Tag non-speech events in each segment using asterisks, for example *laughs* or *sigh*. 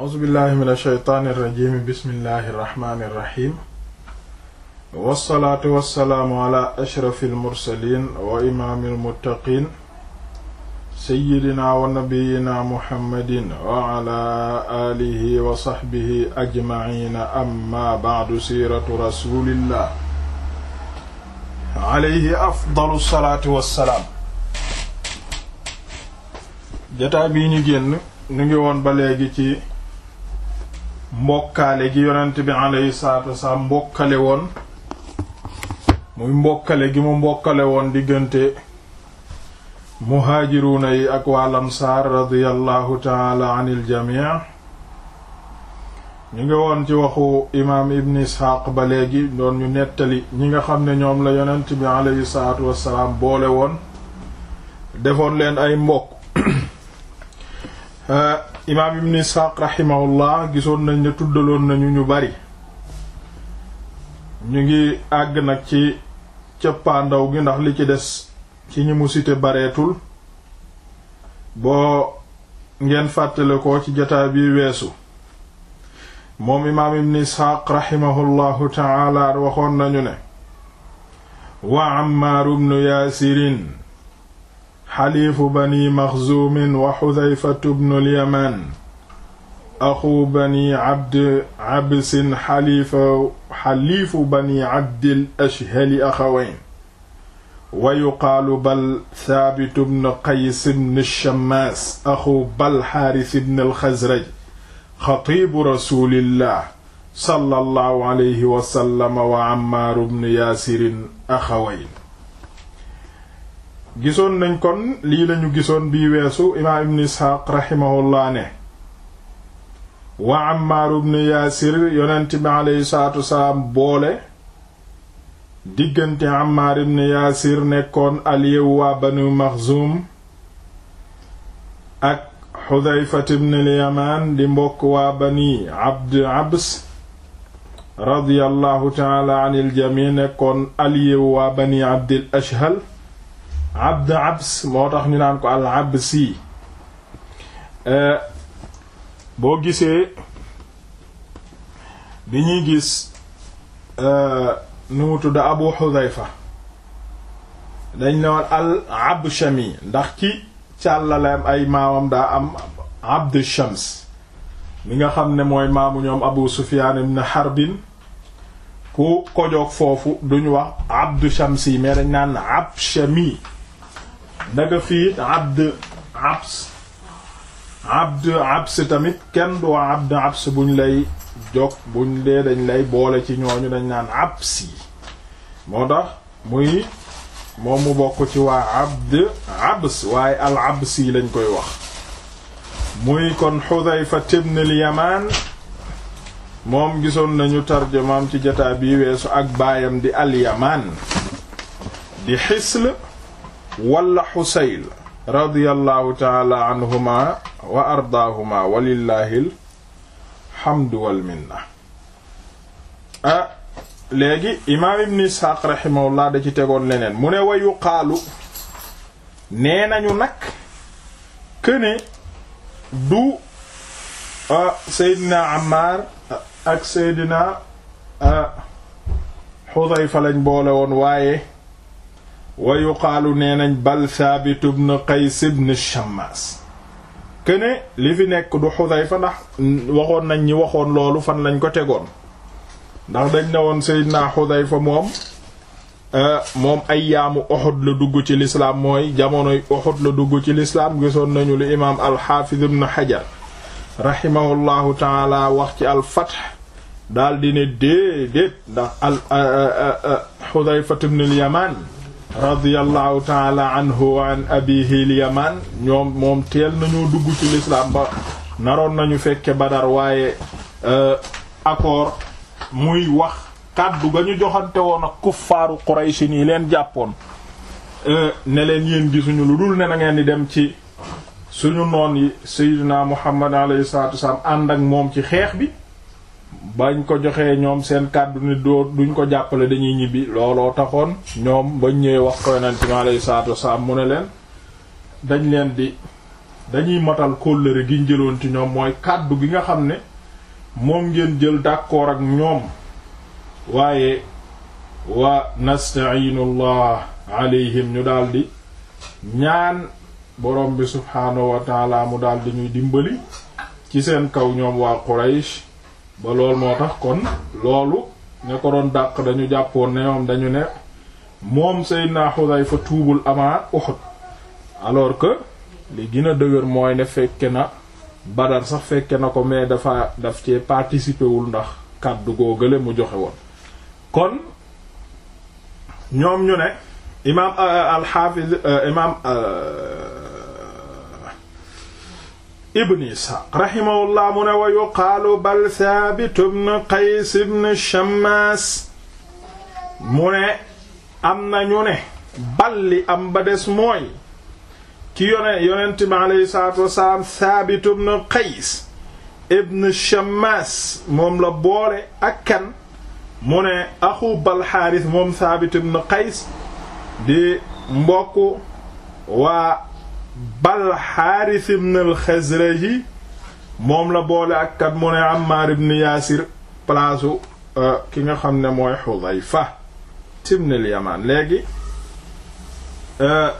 auzubillahi min asheytaani irrajim bismillahi irrahmani irrahim wassalaatu wassalaamu ala ashrafi almursalin wa imaami almuttaqin seyidina wa nabiyina muhammadin wa ala alihi wa saxbihi ajmaina amma baadu siiratu rasulillah alayhi afdalu salaatu wassalaam jataa bii ñu génn ñu ngi woon ba léegi ci mbokkaale gi yonent bi alayhi salaatu wasalaam mbokkale woon muy mbokkale gi mu mbokkale woon diggante muhaajiruuna yi ak waa lamsaar radiyallahu taala anil jamii ñu ngi woon ci waxu imaam ibn isxaaq ba léegi doon ñu nettali ñi nga xam ne ñoom la yonent bi alayhi salaatu wasalaam boole woon defoon leen ay mbokk *clears throat* euh, imaam ibn isxaaq raximahullah gisoon nañ ne tuddaloon nañu ñu bari ñu ngi àgg nag ci cëppaandaw gi ndax li ci des ci ñi mu bareetul boo ngeen fàttale ko ci jataa bi weesu moom imaam ibn raximahullahu taala waxoon nañu ne wa ammaaru bnu yaasirin xaliifu bani maxzuumin wa xudayfatu bnul yamaan axu bani abd absin xaliifa xaliifu bani abdil ashhali axawayn wa yuqaalu bal thaabitu bnu qays bnu shammaas axu bal xaaris bnul xasraj xatiibu rasuulillah sallallahu alayhi wa sallam wa ammaaru bnu yaasirin axawayn gisoon nañ kon lii lañu gisoon bii weesu imaam ibn isxaaq raximahullah ne wa ammaaru ibn yaasir yonent bi boole waa banu maxzuum ak xudayfat ibn alyamaan di mbokk waa bani abd abs radiyallahu taala an il jamii nekkoon aliyewu waa bani abdil ashhal abd abs moo tax ñu naan ko al absi boo gisee bi ñuy gis nu mu tudd abu xudayfa dañ ne woon al abshami ndax ci càllaleem ay maamam daa am abd shams mi nga xam ne mooy maamu ñoom abu sufyan ibn harbin ku kojoog foofu duñu wax abd shamsi mais dañ naan abshami daga fii abd abs abd abs tamit kenn du abd abs buñ lay jog buñ dee dañ lay boole ci ñooñu dañ naan abs yi moo tax muy moom mu bokk ci waa abd abs waaye al abs yi lañ koy wax muy kon Xudayfa ibn al Yamaan moom gisoon nañu tarjamaam ci jataa bi weesu ak baayam di al Yamaan di Xisl wala xusayl radiyallahu taala anhuma wa ardaahuma walillahi alhamdu wal minna ah leneen mu ne wayu qaalu nee nañu nag këne du seydina Ammaar ak seydina Xudayfa lañ boole woon waaye wa yuqaalu nee nañ bal Thaabit ibn Qays ibn Shammaas këne li fi nekk du Xudayfa ndax waxoon nañ ñi waxoon loolu fan lañ ko tegoon ndax dañ ne woon Seydina Xudayfa moom euh, moom ayyaamu Uhud la dugg ci lislaam mooy jamonoy Uhud la dugg ci lislaam gisoon nañu lu imaam al-Haafiz ibn Hajar rahimahullahu wax ci al daal di ne déedéet ndax al euh, euh, Xudayfa ibn al radiyallahu taala anhu wa an abi al ñoom moom teel nañoo dugg ci lislaam ba naroon nañu fekke Badar waaye euh, accord muy wax kàddu ga ñu joxante woon ak kuffaaru Quraysh nii leen jàppoon euh, ne leen yéen gisuñu lu dul ne na ngeen di dem ci suñu noon yi Seydina Muhammad alayhi salaatu wasallam ànd ak moom ci xeex bi bañ ko joxee ñoom seen kàddu ni doo duñ ko jàppale dañuy ñibbi looloo taxoon ñoom bañ ñëwee wax ko yonent mi alayhi salaatu mu ne leen dañ leen di dañuy matal kóllëre gi ñu jëloon ci ñoom mooy kàddu gi nga xam ne moom ngeen jël d'accord ak ñoom waaye wa nasta'iinu allah alayhim ñu daldi ñaan borom bi subhaanahu wa taala mu daldi ñuy dimbali ci seen kaw ñoom waa Quraysh ba lool moo tax kon loolu ña ko doon dàq dañu jàppoon ne dañu ne moom Seydina Xudayfa tuubul avant Uhud alors que li gina a dëgër mooy ne fekke na Badar sax fekke na ko mais dafa daf cee participé wul ndax kàddu googale mu joxe woon kon ñoom ñu ne imaam euh, alxaafiz euh, imaam euh, ibn isxaaq raximahullah mu ne wa yuqaalu bal thabit ibn qays ibn shammaas mu am na ñu ne am ba des ki yone yonent bi aleyhi salaatu wasalaam thabit ibn qays ibn shammaas moom la boole ak kan mu ne axu bal xaaris moom thabit ibn qays di mbokk waa bal xaaris ibn al xazraji moom la boole ak kat mu ne Ammaar ibn Yaasir place euh, ki nga xam ne mooy Xudayfa ibn al Yamaan léegi euh,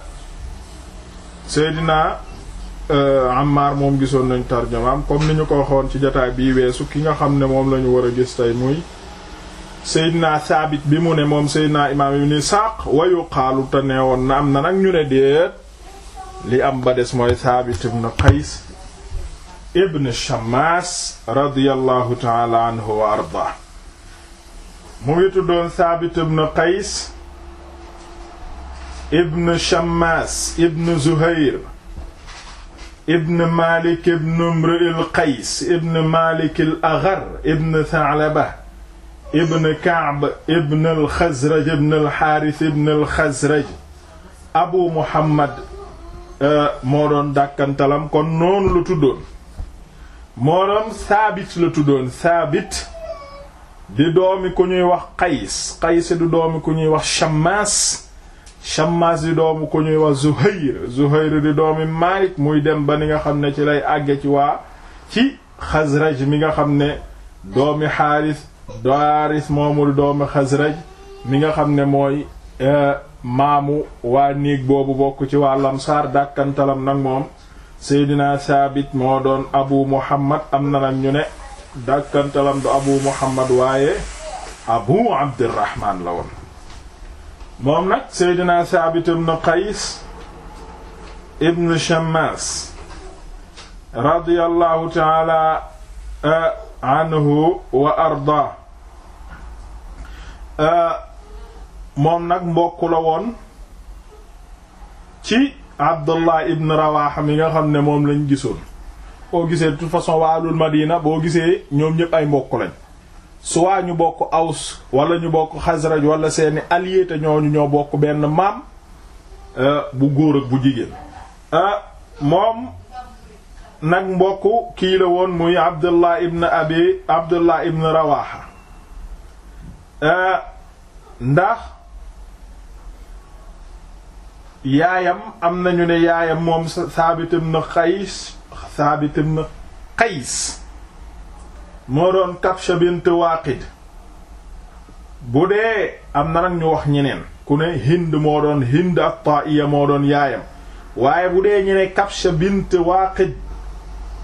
Seydina euh, Ammaar moom gisoon nañu tarjamaam comme ni ñu ko waxoon ci jotaay bii weesu ki nga xam ne moom lañu ñu war a gis tey muy Seydina Saabit bi mu ne moom Seydina Imaam Ibn Isaaq wa yuqaalu te neewoon na am na nag ñu ne déet li am ba des mooy Thabit ibn Qays ibn Shammas radiyallahu ta'ala anhu wa arda mu ngi tuddoon Thabit ibn Qays ibn Shammas ibn Zuhair ibn Malik ibn Imril Qays ibn Malik al-Aghar ibn Tha'laba ibn Ka'b ibn al-Khazraj ibn al-Harith ibn al-Khazraj Abu Muhammad Euh, moo doon dàkkantalam kon noonu la tuddoon moo doon saabit la tuddoon saabit di doomi ku ñuy wax qays qays di doomi ku ñuy wax shammaas shammaas di doomi ku ñuy wax zuhayr zuhayr di doomi maalik muy dem ba ni nga xam ne ci lay àggee ci waa ci xasraj mi nga xam ne doomi xaaris daaris moomu di doomi xasraj mi nga xam ne mooy euh, maamu waa néeg boobu bokk ci waa lamsaar dàkkantalam nag moom seydina saabit moo abu muhammad am na nag ñu abu muhammad waaye abu abdirahman la moom nag seydina saabit ibn qays ibn shammas radiyallahu taala eh, anhu wa arda eh, moom nag mbokk la woon ci Abdullah ibn Rawaha mi nga xam ne moom lañ gisoon boo gisee de toute façon waalul Madina boo gisee ñoom ñëpp ay mbokk lañ soit ñu bokk Aws walla ñu bokk Xasraj wala seeni alliés te ñooñu ñoo bokk benn maam euh, bu góor ak bu jigéen euh, moom nag mbokk kii la woon muy Abdullah ibn Abi Abdullah ibn Rawaha euh, ndax yaayam am nañu ne yaayam moom Saabit ibn Qays Saabit ibn Qays moo doon Kabsha bint Waaqid bu dee am na nag ñu wax ñeneen ku ne Hind moo doon Hind at-Ta'iya moo doon yaayam waaye bu dee ñu ne Kabsha bint Waaqid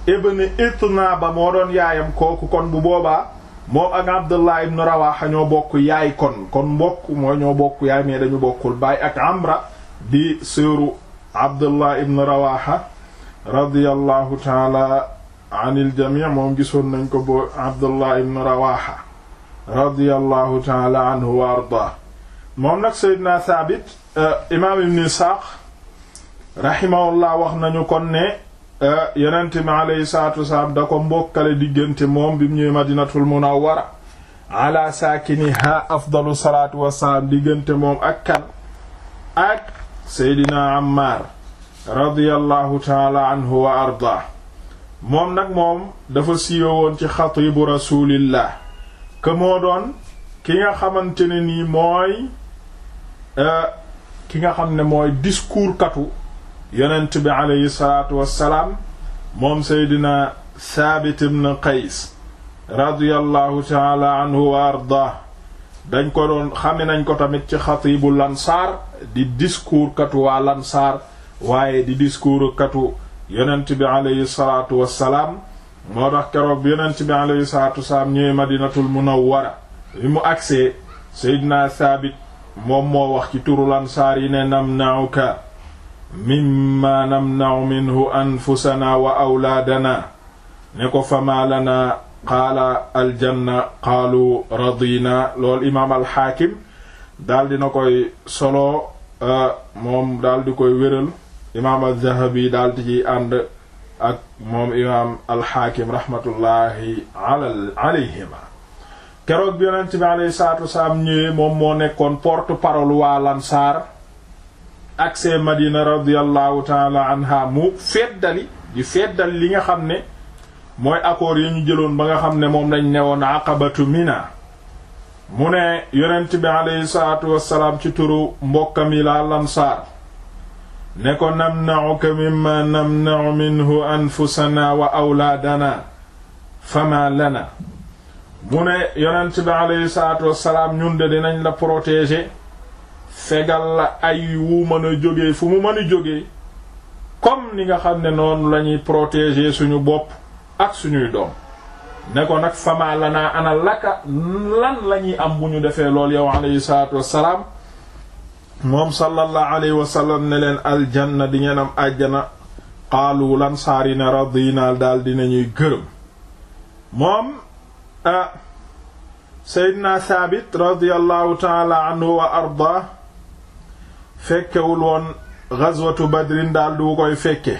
ibn ba moo doon yaayam kooku kon bu boobaa moom ak Abdullah ibn Rawaha ñoo bokk yaay kon kon mbokk mooy ñoo bokk yaay mais dañu bokkul baay ak Amra di seeru abdullah ibn rawaha radiyallahu taala anil jamii moom gisoon nañ ko boo abdullah ibn rawaha radiyallahu taala anhu wa ardaa moom nag seydina thabit euh, imaam ibn isxaaq rahimahullah wax nañu kon ne euh, yenente mi aleyhi salatu wasalaam da ko mbokkale diggante moom bi mu ñëwee madinatul munawwara ala saakiniha afdalu salatu wasalaam diggante moom ak kan ak seydina Ammar radiyallahu taala anhu wa arda moom nag moom dafa siiwe woon ci xatibu rasulillah que moo doon ki nga xamante ne nii mooy euh, ki nga xam ne mooy discours katu yonent bi aleyhi salaatu wassalaam moom seydina Saabit ibn Qays radiyallahu taala anhu wa arda dañ ko doon xame nañ ko tamit ci xatibu lansaar di discours katu waa lansaar waaye di discours katu yonent bi aleyhi salaatu wassalaam moo tax keroog mu agsee seydina saabit moom moo wax ci turu lansaar yi ne namna'uka mimma namna'u minhu anfusana wa awlaadana ne ko fama lana qaala aljanna qaalu radina lool imaam alxaakim daldi na koy solo euh, moom daldi koy wéral imaam az-Zahabi daal di ciy ànd ak moom imaam al-Hakim rahmatullahi alayhima keroog yonent bi alayhi salaatu wasalaam ñëwee moom moo nekkoon porte-parole waa Lansaar ak see Madina radiyallahu taala anha mu feddali di feddali li nga xam ne mooy accord yi ñu jëloon ba nga xam ne moom lañ newoon aqabatu Mina mu ne yonent bi aleyhi salaatu ci turu mbokkam yi laa lansaar ne ko namna'uka mimma namna'u minhu anfusana wa awlaadana fama lana mu ne yonent bi aleyhi salaatu ñun de dinañ la protéger fegal la ay wu mën a jógee fu mu mën jóge jógee comme ni nga xam ne noonu lañuy protéger suñu bopp ak suñuy doom ne ko nag fama lanaa ana laka lan la am bu ñu defee lool yow alayhi salaatu wassalaam moom sallallahu alayhi wasallam ne leen aljanna di ngeen am àjjana qaalu lan saari ne radina daal dinañuy gërëm moom ah seydina thaabit radiallahu taala anhu wa arda fekkewul woon ghazwatu badrin daal du koy fekke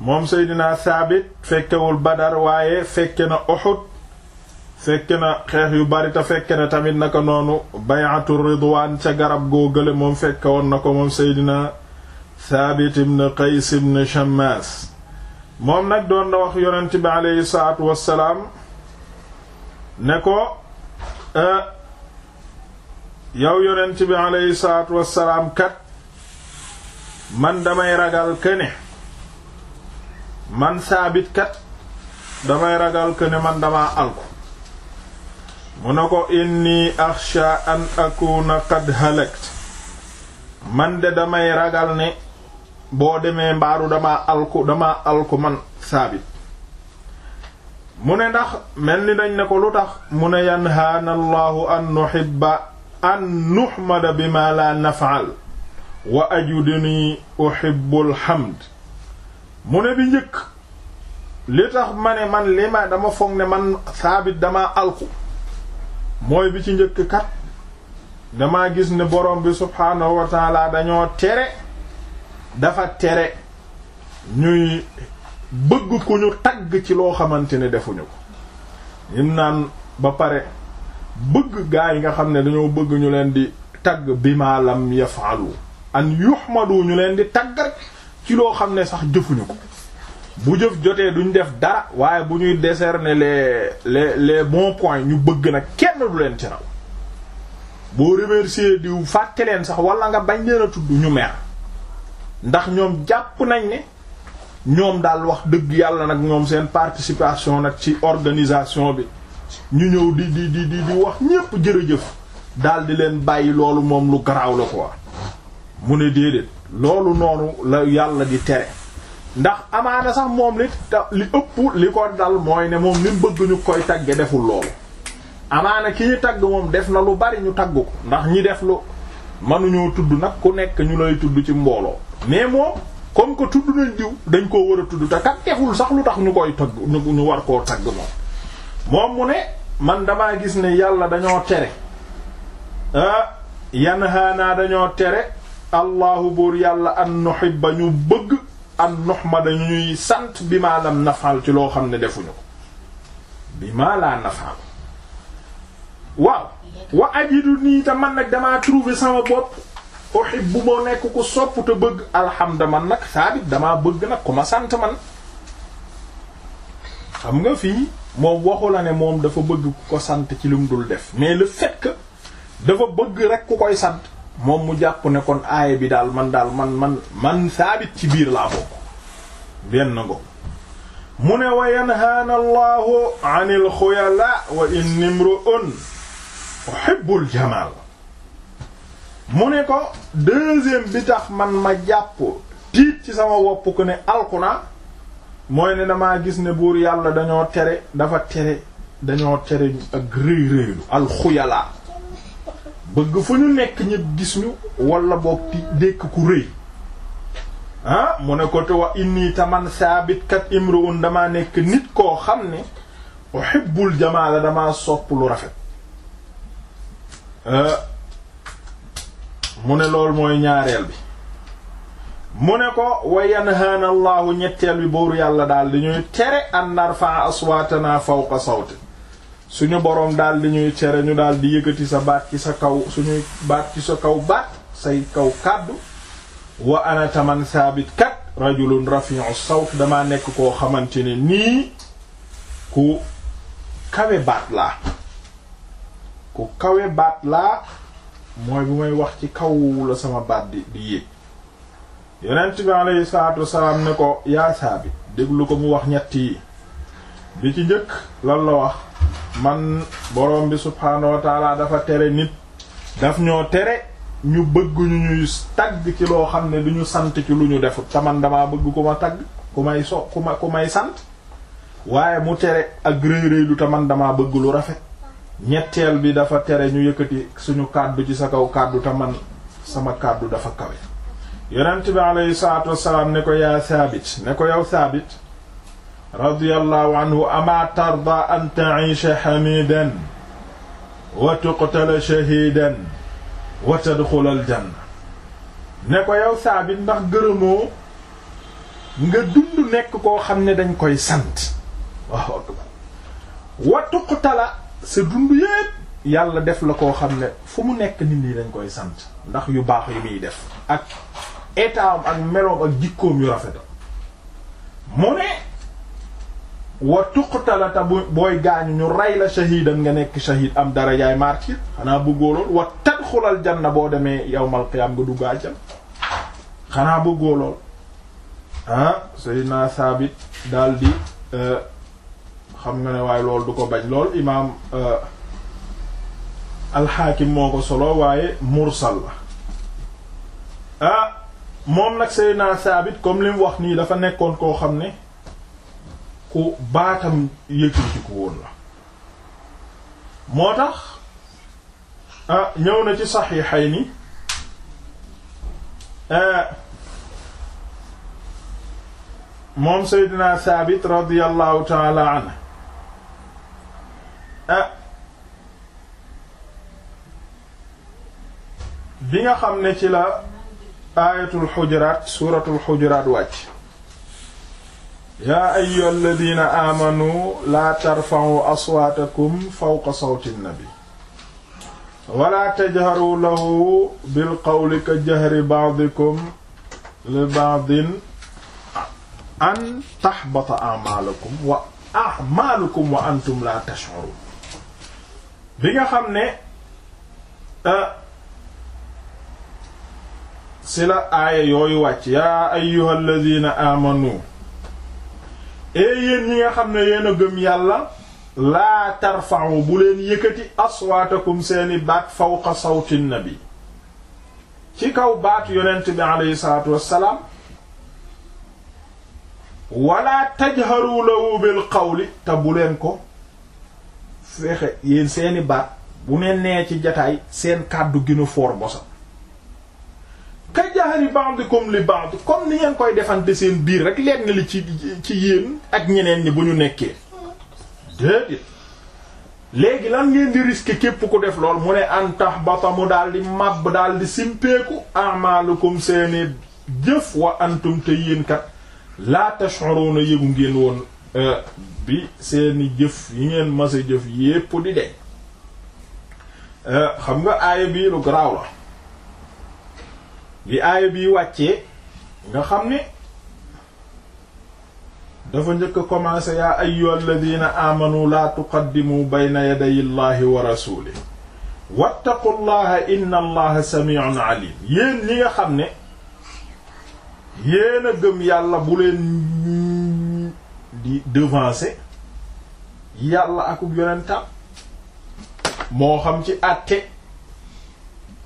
moom Seydina Saabit fekkewul Badar waaye fekke na Uhud fekke na xeex yu barita te fekke na tamit naka noonu bay'atu Ridwaan ca garab goo gële moom fekke woon na ko moom Seydina Saabit ibn Qays ibn Shammaas moom nag doon na wax yonent bi aleyhi salaatu wassalaam ne ko yow yonent bi aleyhi salaatu wassalaam kat man damay ragal këne man saabit damay ragal ko ne man damaa alku mu ne ko inni axsha an akuna qad halakt man de damay ragal ne boo demee mbaaru damaa alku damaa alku man saabit mu ne ndax mel ni dañ ne ko lu tax mu ne yanhaana allahu an nuhibba an nuhmada bima la naf'al wa ajudni uhibbul hamd mu ne bi njëkk li tax ma ne man li ma dama foog ne man saabit dama alku mooy bi ci njëkk kat dama gis ne borom bi subhaanahu wa dañoo tere dafa tere ñuy bëgg ku ñu tagg ci loo xamante ne defuñu ko ñim naan ba pare bëgg gaa nga xam ne dañoo bëgg ñu leen di tagg bi maalam yafaalu an yuhmadu ñu leen di tagg ci loo xam ne sax jëfuñu ko bu jëf jotee duñ def dara waaye bu ñuy décerner les les les bons point ñu bëgg nag kenn du leen ci raw boo remercier diw fàtte leen sax wala nga bañ leen a tudd ñu mer ndax ñoom jàpp nañ ne ñoom daal wax dëgg yàlla nag ñoom seen participation nag ci organisation bi ñu ñëw di di di di di wax ñépp jërëjëf daal di leen bàyyi loolu moom lu garaaw la ko quoi. mu ne déedéet loolu noonu la yàlla di tere ndax amaana sax moom li li ëpp li ko dal mooy ne moom li mu bëgg ñu koy tagge deful loolu amaana ki ñu tagg moom def na lu bari ñu tagg ko ndax ñi def lu mënuñoo tudd nag ku nekk ñu lay tudd ci mbooloo mais moom comme que tudd nañ diw dañ koo war a tudd te kat deful sax lu tax ñu koy tagg ñu war koo tagg moom moom mu ne man damaa gis ne yàlla dañoo tere ah dañoo tere allahu buur yàlla an ba ñu bëgg an nuhmada ñuy sant bi maa lam nafal ci loo xam ne defuñu ko bi maa laa nafal waaw wa ajidu nii te man nag damaa trouver sama bopp uhibbu moo nekk ku sopp te bëgg alhamda man nag saabit dama bëgg nag ku ma sant man xam nga fii moom waxu la ne moom dafa bëgg ku ko sant ci lu mu dul def mais le fekk que dafa bëgg rek ku koy sant moom mu jàpp ne kon aaya bi daal man daal man man man saabit ci biir laa bokk benn ngo mu ne wa yanhaana allahu an il xuyala wa in nimru'un uhibbul jamal mu ne ko deuxième bi tax man ma jàpp tiit ci sama wopp ko ne alku na mooy ne damaa gis ne buur yàlla dañoo tere dafa tere dañoo tere ak rëy rëylu bëgg fu ñu nekk ñëpp gis ñu wala boog ti dékk ku rëy ah mu ne ko te wa inni taman saabit kat imruun damaa nekk nit koo xam ne uhibbul jamaala damaa sopp lu rafet eh, mu ne loolu mooy ñaareel bi mu ne ko wa yanhaana allahu ñetteel bi booru yàlla daal di ñuy tere an narfa aswaatana fawqa sawti suñu boroom daal di ñuy cere ñu daal di yëkkati sa baat ci sa kaw suñuy baat ci sa kaw baat say kaw kàddu wa ana taman saabit kat rajulun rafi'u sawt damaa nekk koo xamante ne nii ku kawe baat laa ku kawe baat laa mooy bu may wax ci kaw la sama baat di di yéeg yonent bi alayhi salaatu wasalaam ne ko yaa bi déglu ko mu wax ñett yi bi ci njëkk lan la wax man borom bi subhaanahu wa dafa tere nit daf ñoo tere ñu bëgguñu ñu ñuy tagg ci loo xam ne du ñu sant ci lu ñu defut te man damaa bëgg ku ma tagg ku may so ku ma ku may sant waaye mu tere ak rëy rëy lu te man damaa bëgg lu rafet ñetteel bi dafa tere ñu yëkkati suñu kàddu ci sa kaw kàddu te man sama kàddu dafa kawe yonent bi alayhi salaatu wassalaam ne ko yaa saabit ne ko yow saabit radiyallahu anhu ama tarda an ta'iisha hamiidan wa tuqtala shahiidan wa tadxula aljanna ne ko yow saabit ndax gërëmoo nga dund nekk koo xam ne dañ koy sant waaw wa sa dund yépp yàlla def la koo xam ne fu mu nekk nit ñi dañ koy sant ndax yu baax yi muy def ak état ak meloom ak jikkoom yu rafetam mu ne wa tuqtala ta booy gaañu ñu rey la shahidan nga nekk shahid am darajaay martyr xanaa bëggoo lool wa tadxulal na boo demee yawmal qiyaam nga dugg àjjana xanaa bëggoo lool ah Seydina Saabit daal euh, xam nga ne waaye lool du ko bañ lool imaam euh, alxaakim moo ko solo waaye mursal la ah moom nag Seydina Saabit comme li wax nii dafa nekkoon koo xam ne ku baatam yëkkati ko woon la moo tax ñëw na ci saxiixayni moom Seydina Saabit radiyallahu taala anhu bi nga xam ne ci la aayatul xujuraat suuratul wàcc yaa ayyuha alladina aamanu laa tarfa'u aswaatakum fawqa sawti nnabi wala tajharu lahu bilqawli ka jahri ba'dikum li ba'din an tahbata a'maalukum wa a'maalukum wa antum laa tash'urun bi nga xam ne euh, si la aaya yooyu wàcc yaa ayyuha alladina aamanu e yéen ñi nga xam ne yéen a gëm yàlla laa tarfa'u bu leen yëkkati aswaatakum seeni baat fawqa sawti nabi ci kaw baat yonent bi aleyhi salaatu wassalaam wala tajharu lahu bil qawli te bu leen ko fexe yéen seeni baat bu neen nee ci jataay seen kàddu ginu foor bosa ka jahri ba'dikum li ba'd comme ni ngeen koy defante seen biir rek leen li ci ci yéen ak ñeneen ñi bu ñu nekkee déedéet léegi lan ngeen di risquer képp ku def lool mu ne an tahbata mu daal di màbb daal di simpeeku a'malukum seeni jëf wa antum te yéen kat la tash'uruna yëgu ngeen woon euh, bi seeni jëf yi ngeen mas a jëf yépp di deñ euh, xam nga aaya bi lu garaaw la bi aaya bi wàccee nga xam ne dafa njëkk a commencé yaa ayyuhal ladina amanu la tuqaddimu bayna yaday llahi wa rasulih wattaqullaha inna allaha sami'un alim yéen ñi nga xam ne yéen gëm yàlla bu leen di devancer yàlla akub yonentam moo xam ci àtte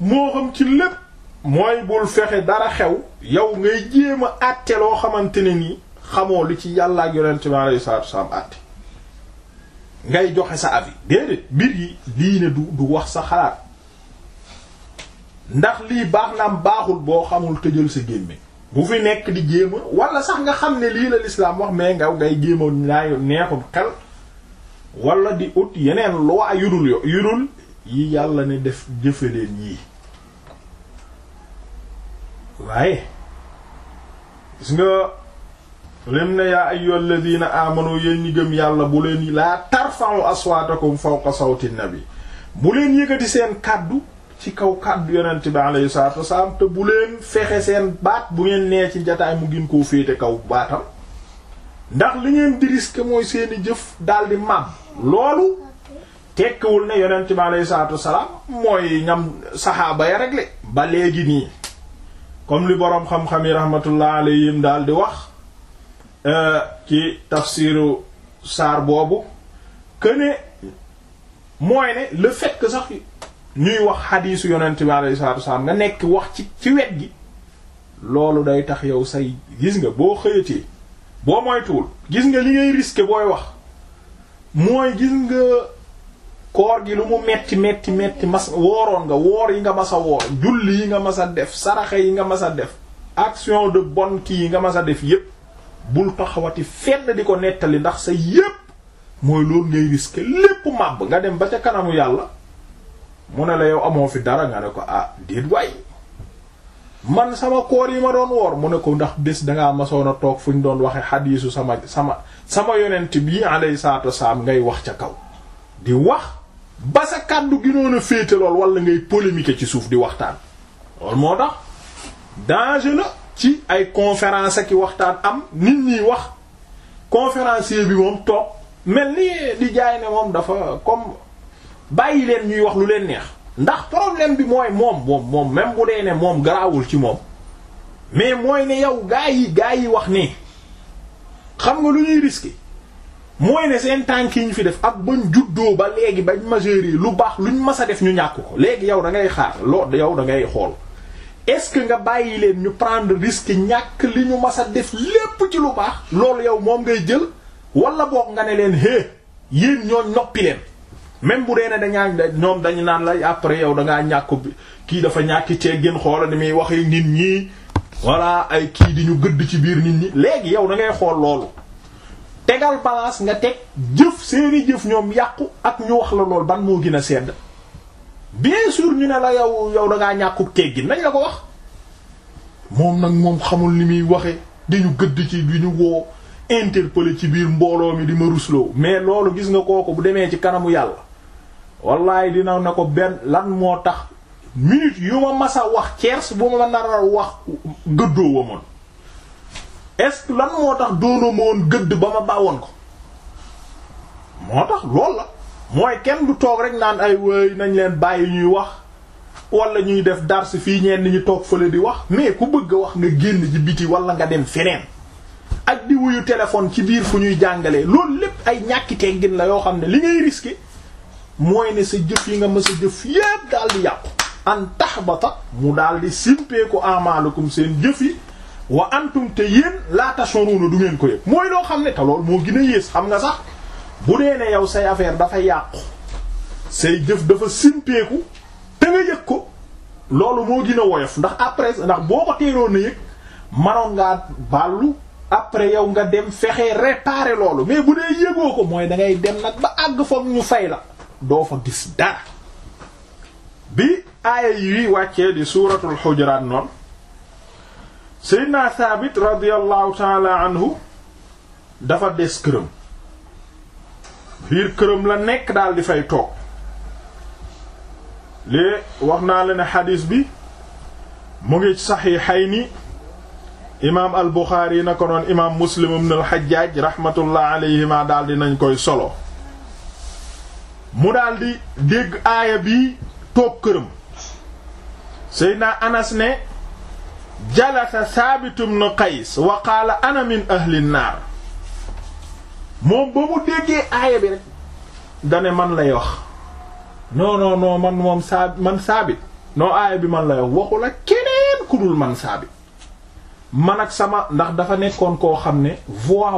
moo xam ci lépp mooy bul fexe dara xew yow ngay jéem a àtte loo xamante ne ni xamoo li ci yàlla ak yonent bi alayhi salaatu wasalaam àtte ngay joxe sa avis déedéet mbir yi diine du du wax sa xalaat ndax lii baax naam baaxul boo xamul tëjal sa gémmiñ bu fi nekk di jéema wala sax nga xam ne lii la lislaam wax mais nga ngay jéema laay neexul xel wala di ut yeneen loi yudul yo yudul yi yàlla ne def jëfe leen yii waaye gis nga lim ne yaa ayyuhal ladina amanu yéen ñi gëm yàlla bu leen laa tarfa'u aswaatakum fawqa sawti nabi bu leen yëkkati seen kàddu ci kaw kàddu yonent bi alayhi salaatu wasalaam te bu leen fexe seen baat bu ngeen nee ci jataay mu gën koo féete kaw baatam ndax li ngeen di risque mooy seeni jëf daldi màbb loolu tekkiwul ne yonent bi alayhi salaatu wasalaam mooy ñam saxaaba ya rek le ba léegi nii comme li boroom xam-xam yi rahmatullah alayhim daal di wax euh, ci tafsiru saar boobu que ne mooy ne le fait que sax ñuy wax xadiisu yonent bi alayhi salaatu wasalaam nga nekk wax ci ci wet gi loolu day tax yow say gis nga boo xëyatee boo moytuwul gis nga li ngay risquer booy wax mooy gis nga koor gi lu mu metti metti metti mas wooroon nga woor yi nga mas a woor julli yi nga mas a def saraxa yi nga mas a def action de bonne kii yi nga mas a def yépp bul taxawati fenn di ko nettali ndax sa yépp mooy loolu ngay risquer lépp màbb nga dem ba ca kanamu yàlla mu ne la yow amoo fi dara nga ne ko ah déet waay man sama koor yi ma doon woor mu ne ko ndax bés dangaa masoon a toog fu ñu doon waxe xadiisu sama sama sama yonent bi alayhi salaatu wasalaam ngay wax ca kaw ba sa kàddu ginoon a féete lool wala ngay polémiquer ci suuf di waxtaan loolu moo tax danger la ci ay conférence ak waxtaan am nit ñuy wax conférencier bi moom toog mel ni li jaay ne moom dafa comme bàyyi leen ñuy wax lu leen neex ndax problème bi mooy moom moom moom même bu dee ne moom garaawul ci moom mais mooy ne yow gaa yi gaa yi wax ne xam nga lu ñuy risquer mooy ne seen tànk yi ñu fi def ak bañ juddoo ba léegi ba majeur yi lu baax luñ mas a def ñu ñàkk ko léegi yow dangay ngay xaar lool yow da ngay xool est-ce que nga bàyyi leen ñu prendre risque ñàkk li ñu mas a def lépp ci lu baax loolu yow moom ngay jël wala boog nga ne leen hé yéen ñoo noppi leen même bu dee ne dañaa ñoom dañu naan la après yow dangaa ngaa ñàkk kii dafa ñàkk cee gën xoola ni muy waxee nit ñi voilà ay kii di ñu gëdd ci biir nit ñi léegi yow da ngay xool loolu tegal balance nga teg jëf seeni jëf ñoom yàqu ak ñu wax la lool ban moo gin a sedd bien sûr ñu ne la yow yow da ngaa ñàkkuk nañ la ko wax moom nag moom xamul ni muy waxe dañu gëdd ci bi ñu woo interpeller ci biir mbooloo mi di ma rusloo mais loolu gis nga kooku bu demee ci kanamu yàlla wallaay dina na ko benn lan moo tax minute yu ma masa wax ceers bu ma nar wax gëddoo wa est-ce que lan moo tax doonoo woon gëdd ba ma bawoon ko moo tax loolu la mooy kenn du toog rek naan ay wéy nañ leen bàyyi ñuy wax wala ñuy def darsi fii ñenn ñi toog fële di wax mais ku bëgg a wax nga génn ci biti wala nga dem feneen ak di yu téléphone ci biir fu ñuy jàngalee loolu lépp ay ñàkki teggin la yoo xam ne li ngay risqué mooy ne sa jëf yi nga mës a jëf yépp daal di yàqu an ba tax mu daal di simpee ko amalukum seen jëf yi wa antum te yéen laa tashuruna du ngeen ko yëg mooy loo xam ne te loolu moo gën a yées xam na sax bu dee ne yow say affaire dafa yàqu say jëf dafa simpeeku te nga yëg ko loolu moo gën a woyof ndax après ndax boo ko teeloon a yëg manoon ngaa bàllu après yow nga dem fexe réparer loolu mais bu dee yëgoo ko mooy dangay dem nag ba àgg foog ñu fay la doo fa gis dara bi aaya yi wàccee di suuratul xujuraat noonu Seydina Thabit radiyallahu taala anhu dafa des këram biir këram la nekk daal di fay toog lée wax naa la ne xadiis bi mu ngi saxiixayni imaam al Buxaari yi na ko noon imaam Muslim ibn al Hajjaaj rahmatullah alayhima daal di nañ koy solo mu daldi di dégg aaya bi toog këram Seydina Anas ne jalasa saabitu ibn qays wa qaala ana min ahli naar moom ba mu déggee aaya bi rek dane man lay wax non non non man moom saab man saabit non aaya bi man lay wax waxu la keneen ku ak sama ndax dafa nekkoon koo xam ne voix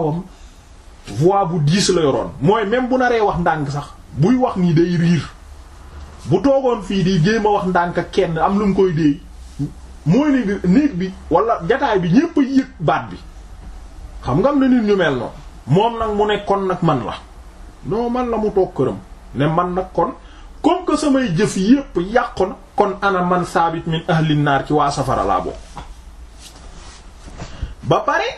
wam bu diis la yoroon mooy même bu naree wax ndànk sax buy wax nii day riir bu toogoon fii di jéem a wax ndànk kenn am lu mu koy déey mooy ni néeg bi wala jataay bi ñépp a yëg baat bi xam ngam am na nit ñu mel noonu moom nag mu ne kon nag man la non man la mu toog këram ne man nag kon comme que samay jëf yépp yàqu na kon ana man saabit min ahlin naar ci waa safara laa bokk ba pare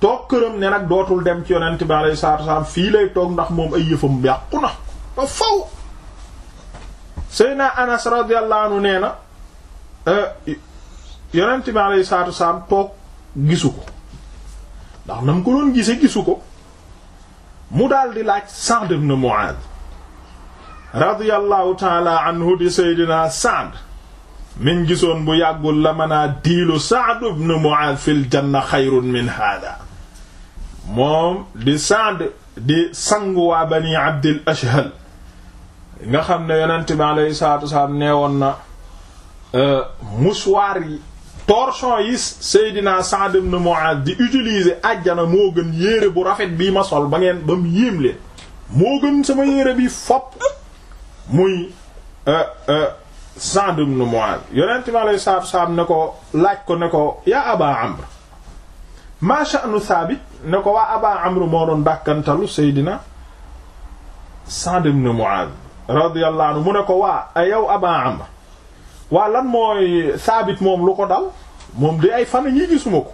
toog këram ne nag dootul dem ci yonent bi alayhi fii lay toog ndax moom ay yëfam yàqu na ba faw Seyna Anas radiyallahu nee na Eh, yonent bi alayhi salaatu salaam toog gisu ko ndax na mu ko doon gise gisu ko mu daal di laaj Sa'd ibn Mu'adh radiyallahu taala anhu di seydina Sa'd min gisoon bu yàggul la mën a diilu Sa'd ibn Mu'adh fil janna xayrun min hada moom di Sa'd di sangu waa bani Abdil Ashhal nga xam ne yonent bi Euh, mouchoir yi yi Seydina Sa'd ibn Mu'adh di utilise àjjana moo gën yére bu rafet bii ma sol ba ngeen ba mu leen moo gën sama yére bi fopp muy euh, euh, Sa'd ibn Mu'adh yonent mi alei salaatu ne ko laaj ko ne ko yaa Aba Amr ma sha'nu Saabit ne ko waa Aba Amr moo doon dàkkantalu Seydina Sa'd ibn Mu'adh radiyallahu anhu mu ne ko waa a yow Aba Amr waa lan mooy saabit moom lu ko dal moom de ay fan ñii gisuma ko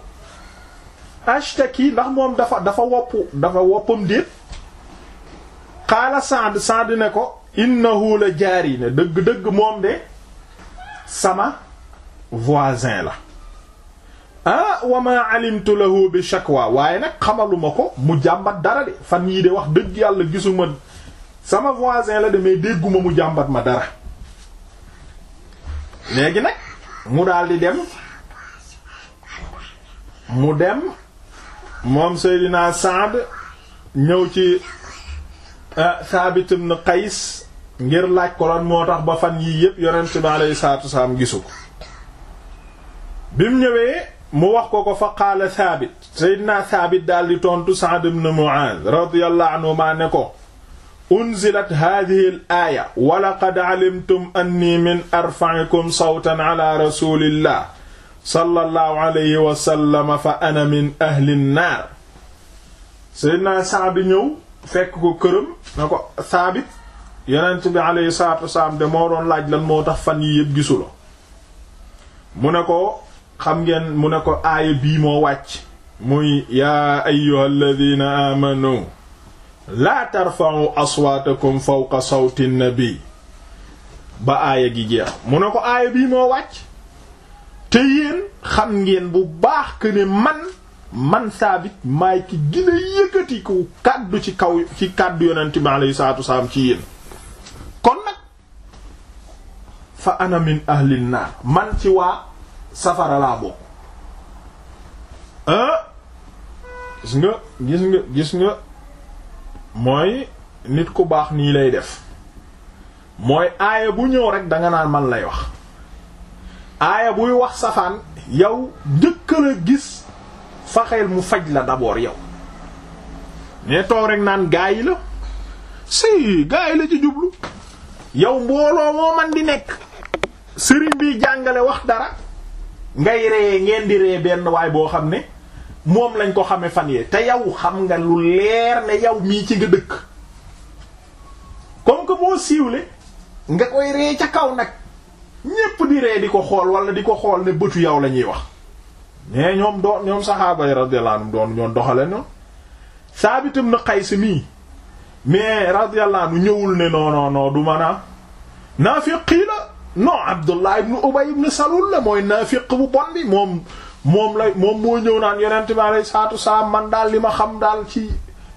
ashtaki ndax moom dafa dafa wopp dafa woppam déet xaala Saad Saad ne ko innahu la jaari ne dëgg-dëgg moom de sama voisin la ah wama alimtu lahu bi shakwa waaye nag xamaluma ko mu jàmbat dara de fan yii de wax dëgg yàlla gisuma sama voisin la de mais dégguma mu jàmbat ma dara léegi nag mu daldi dem mu dem moom Seydina Saad ñëw ci ah, Saabit na Qays ngir laaj ko lan moo tax ba fan yii yépp yonent bi alayhi gisu ko bi mu ñëwee mu wax ko ko fa qaala Saabit Seydina Saabit daal di tontu Saad ibn Mu'aaz radiyallahu anhu maa ne ko unzilat hadihi l aaya wa laqad alimtum anni min arfa'ikum sawtan ala rasulillah sallallahu alayhi wa fa ana min ahli nnaar seydna saabi ñëw fekk ko këram na ko saabit yonent bi alayhi salaatu wasalaam de moo doon laaj lan moo tax fan yi yépp gisuloo mu ko xam ngeen mu ne ko aaya bii moo wàcc muy yaa ayyuhalladhina amanu laa tarfa'u aswaatakum fawqa sawti nabi ba aaya gi jeex mu ne ko aaya bii moo wàcc te yéen xam ngeen bu baax que ne man man saabit maay ki gën a ku kàddu ci kaw ci kàddu yonent bi alayhi salaatu ci yéen kon nag fa ana min ahlin man ci waa safara laa bokk ah gis nga gis nga gis nga mooy nit ku baax nii lay def mooy aaya bu ñëw rek danga naan man lay wax aaya buy wax safaan yow njëkk la gis faxeel mu faj la d'abord yow mais toog naan gaa yi la si gaa yi la ci jublu yow mbooloo moo man di nekk sëriñ bi jàngale wax dara ngay ree ngeen di ree benn waay boo xam ne moom lañ ko xamee fan yee te yow xam nga lu leer ne yow mii ci nga dëkk comme que boo siiwle nga koy ree ca kaw nag ñépp di ree di ko xool wala di ko xool ne bëtu yow la ñuy wax mais ñoom doon ñoom saxaaba yi radiyallahu doon ñoon doxale noonu saabitam na Qays mii mais radiyallahu ñëwul ne non non non du mën a la non Abdullah ibn Ubay ibn Salul la mooy naafiq bu bon bi moom moom lay moom moo ñëw naan yonent bi alayhi salaatu salaam man daal li ma xam daal ci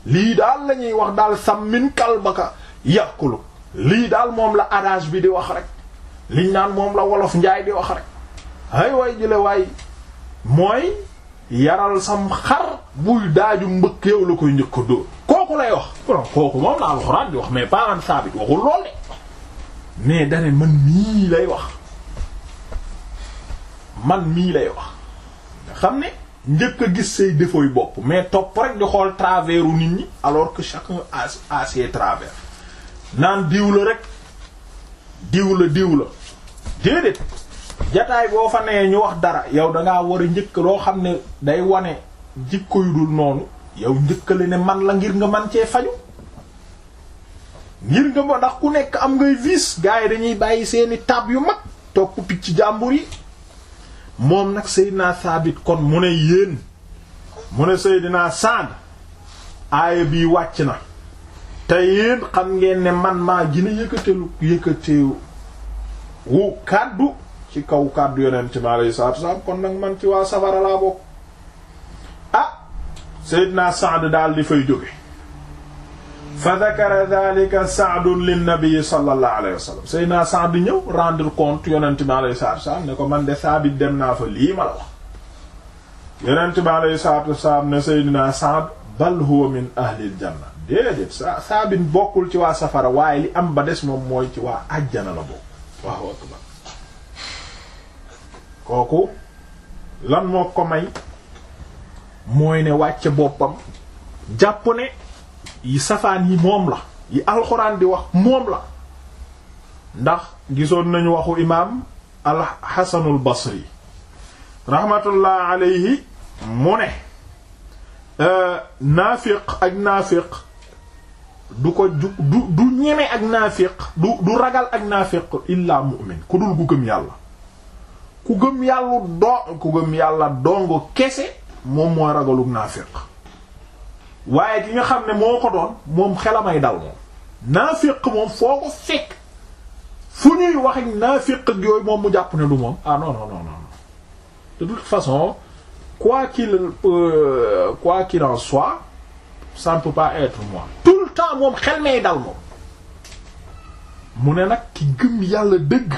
lii daal la ñuy wax daal sammin kalbaka yàqulu lii daal moom la adage bi di wax rek liñ naan moom la wolof njaay di wax rek ay waay jële waay mooy yaral sam xar buy daaju mbëkk yow la koy njëkk a kooku lay wax kooku moom la alxuraan di wax mais pas an saabit waxul lool de mais dane man mii lay wax man mii lay wax xam ne njëkk a gis say défauts yu bopp mais topp rek di xool traver u nit ñi alors que chacun a ses naan diw la rek diw la diw la déedéet jataay boo fa nee ñu wax dara yow dangaa war a njëkk loo xam ne day wane jikko yu noonu yow njëkkale ne man la ngir nga man cee faju ngir nga ma ndax ku nekk am ngay vis gars yi dañuy bàyyi seeni tab yu mag topp picc jàmbur yi moom nag Seydina Saabit kon mu ne yéen mu ne Seydina Saad aaya bii wàcc na te yéen xam ngeen ne man maa gina lu yëkkateewu wu kàddu ci kaw kàddu yonent mi alayhi salaatu wasalaam kon nag man ci waa safara laa bokk ah Seydina Saad daal di fay jóge fa dakara dalika saadun linnabii sallallahu alayhi wa sallam Seydina ñëw rendre compte yonent bi alayhi wasalaam ne ko man de saabit dem naa fa lii ma la wax yonent bi alayhi wasalaam ne Seydina Saad bal huwa min ahlil janna déedéet sa saabit bokkul ci waa safara waaye li am ba des moom mooy ci waa ajjana la bokk kooku lan moo ko may mooy ne wàcce boppam jàpp ne yi safaan yi moom la yi alxuraan di wax moom la ndax gisoon nañu waxu imaam alxasanul basri rahmatullah alayhi mu ne euh, naafiq ak naafiq du ko du du ñeme ak naafiq du du ragal ak naafiq illaa mu'min ku dul ku gëm yàlla ku gëm yàlla doo ku gëm yàlla dong kese moom mooy ragalu naafiq waaye ki nga xam ne moo ko doon moom xelamay dal moom naafiq moom foo ko fekk fu ñuy wax ak naafiq ak yooyu moom mu jàpp ne du moom ah non non non non de toute façon quoi qu'il euh, quoi qu'il en soit ça ne peut pas être moi tout le temps moom xel may dal moom mu ne nag ki gëm yàlla dëgg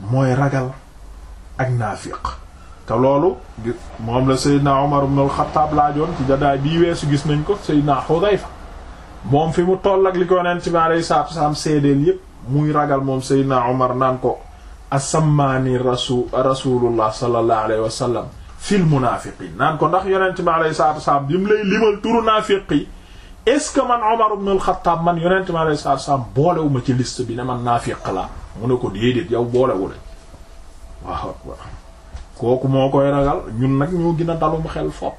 mooy ragal ak naafiq te loolu moom la Seydina Omar ibn al-Khattab laajoon ci jadaay bii weesu gis nañ ko Seydina Hudayfa moom fi mu toll ak li ko yonent bi alayhi salaatu wasalaam seedeel yépp muy ragal moom Seydina Omar naan ko asamaani rasul rasulullah sallallahu alayhi wa sallam fil munaafiqiin naan ko ndax yonent bi alayhi salaatu wasalaam bi mu lay limal turu naafiq yi que man Omar ibn al-Khattab man yonent bi alayhi salaatu wasalaam ci liste bi ne man naafiq la mu ne ko déedéet yow boolewule waaw waaw kooku moo koy ragal ñun nag ñoo gën a dalum xel fopp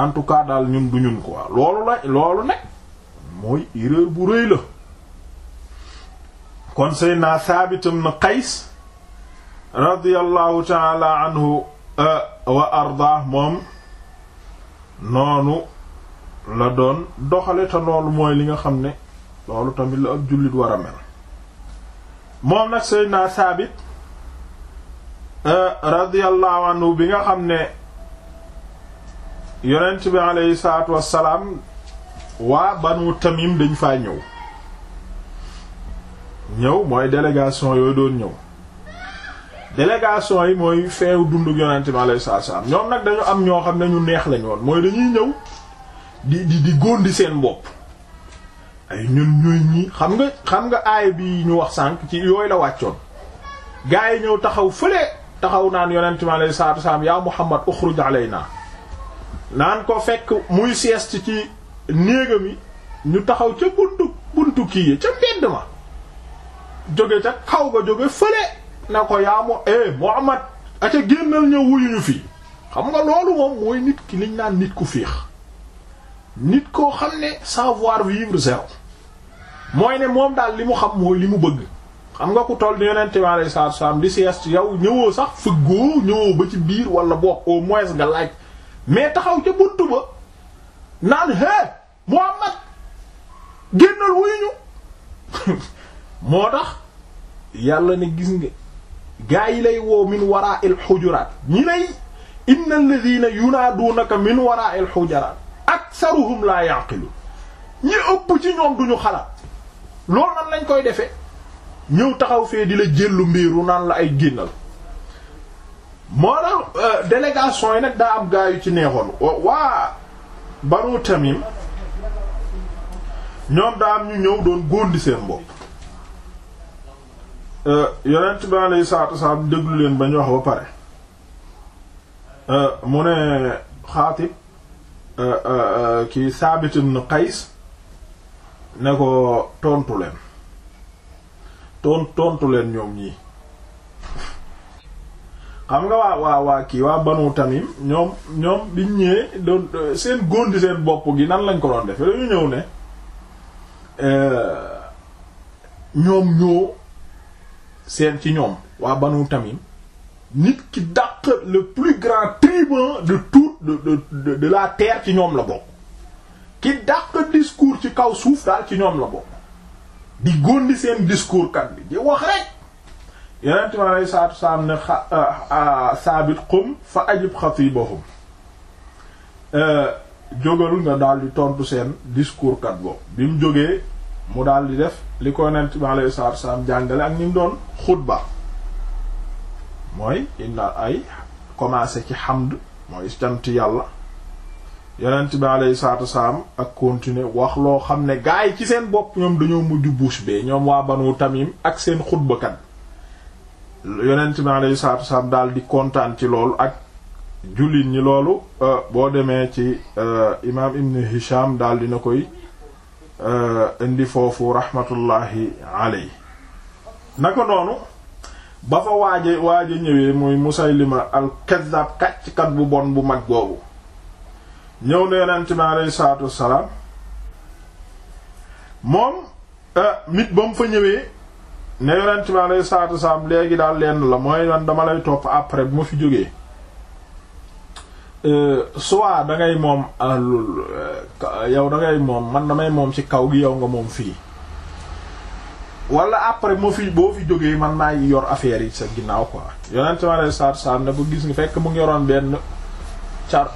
en tout cas daal ñun du ñun quoi loolu la loolu nag mooy erreur bu rëy la kon Seydina Thabit ibn Qays radiyallahu taala anhu euh, wa arda moom noonu la doon doxale te loolu mooy li nga xam ne loolu tamit la ab jullit war a mel moom nag Seydina Euh, radiyallahu anhu bi nga xam ne yonent bi aleyhi salaatu wassalaam waa banu tamim dañ faa ñëw ñëw mooy délégation yooyu doon ñëw délégation yi mooy feew dundu yonent bi aleyhi salaatu wassalaam ñoom nag dañu am ñoo xam ne ñu neex lañ woon mooy dañuy ñëw di di di góondi seen bopp ay ñun ñuy ñi xam nga xam nga aay bi ñu wax sànq ci yooyu la wàccoon gaa yi ñëw taxaw fële taxaw naan yonent mi alayhi salaatu wasalaam yaa Muhammad uxruj alaynaa naan ko fekk muy sieste ci néegam yi ñu taxaw ca buntu buntu kii yi ca mbedd ma jóge ca kaw ga jóge fële na ko yaa mo eh Muhammad aca génnal ñëw wuyuñu fii xam nga loolu moom mooy nit ki liñ naan nit ku fiix nit koo xam ne savoir vivre zéro mooy ne moom daal li mu xam mooy li mu bëgg xam nga ku toll ni yonent bi alayhi salaatu yow ñëwoo sax fëggoo ñëwoo ba ci biir wala boog au moins nga laaj mais taxaw ca buntu ba naan hee Muhammad génnal wuyu ñu *laughs* moo tax yàlla ne gis nga gaa yi lay woo min waraa'il hujuraat ñi lay innal ladhiina yunaaduunaka min waraa'il hujuraat aktharuhum laa ya'qiluun ñi ëpp ci ñoom duñu xalaat loolu nan lañ koy defee. ñëw taxaw fee di la mbiir mbiiru naan la ay génnal moo tax euh, délégation yi nag daa am gaa yu ci neexoon waa Banu Tamim ñoom daa am ñu ñëw doon góondi seen bopp euh, yonent bi alayhi salaatu wasalaam déglu leen ba ñu wax ba pare euh, mu ne xaatib ki Saabit ibn ne ko tontu leen toon tontu leen ñoom ñii xam nga waa waa waa kii waa banu tamim ñoom ñoom biñ ñëwee doon euh, seen góondi seen bopp gi nan lañ ko doon defe dañu ñëw ne euh, ñoom ñoo seen ci ñoom waa banu tamim nit ki dàq le plus grand tribun de tout de de de la terre ci ñoom la bokk ki dàq discours ci kaw suuf daal ci ñoom la bokk di góndi seen discours kat bi di wax rek yenent mi alei salatu salaam ne euh, euh, saabit qum fa ajib xatibahum euh, jógalul nga daal di tontu seen discours kat boobu bi mu jógee mu daal di def li ko yenent mi alei salatu salaam jàngale ak ni mu doon xutba mooy inna ay commencé ci xamd mooy sant yàlla yonent bi alayhi saatu saam ak continuer wax loo xam ne gaa yi ci seen bopp ñoom dañoo mujj bouche bee ñoom waa banu tamim ak seen xutbakat yonent bi alayhi salaatu wasalaam daal di kontaan ci lool ak jullit ñi loolu euh, boo demee ci euh, imaam ibn hisham daal dina koy euh, indi foofu rahmatullahi aley naka noonu ba fa waaje waaje ñëwee muy musaylima al kazzab kàcckat bu bon bu mag boobu ñëw na yonent bi aleyhi salaatu wassalaam moom eh, mit ba mu fa ñëwee ne yonent bi aleyhi salaatu wassalaam léegi daal lenn la mooy man dama lay topp après bu ma fi jógee eh, soit da moom alul eh, yow da ngay moom man damay moom si kaw gi yow nga moom fii walla après moo fi boo fi jógee man maa ngi yor affaire yi sa ginnaaw quoi yonent bi aleyhi salaatu wassalaam ne bu gis nga fekk mu ngi yoroon benn car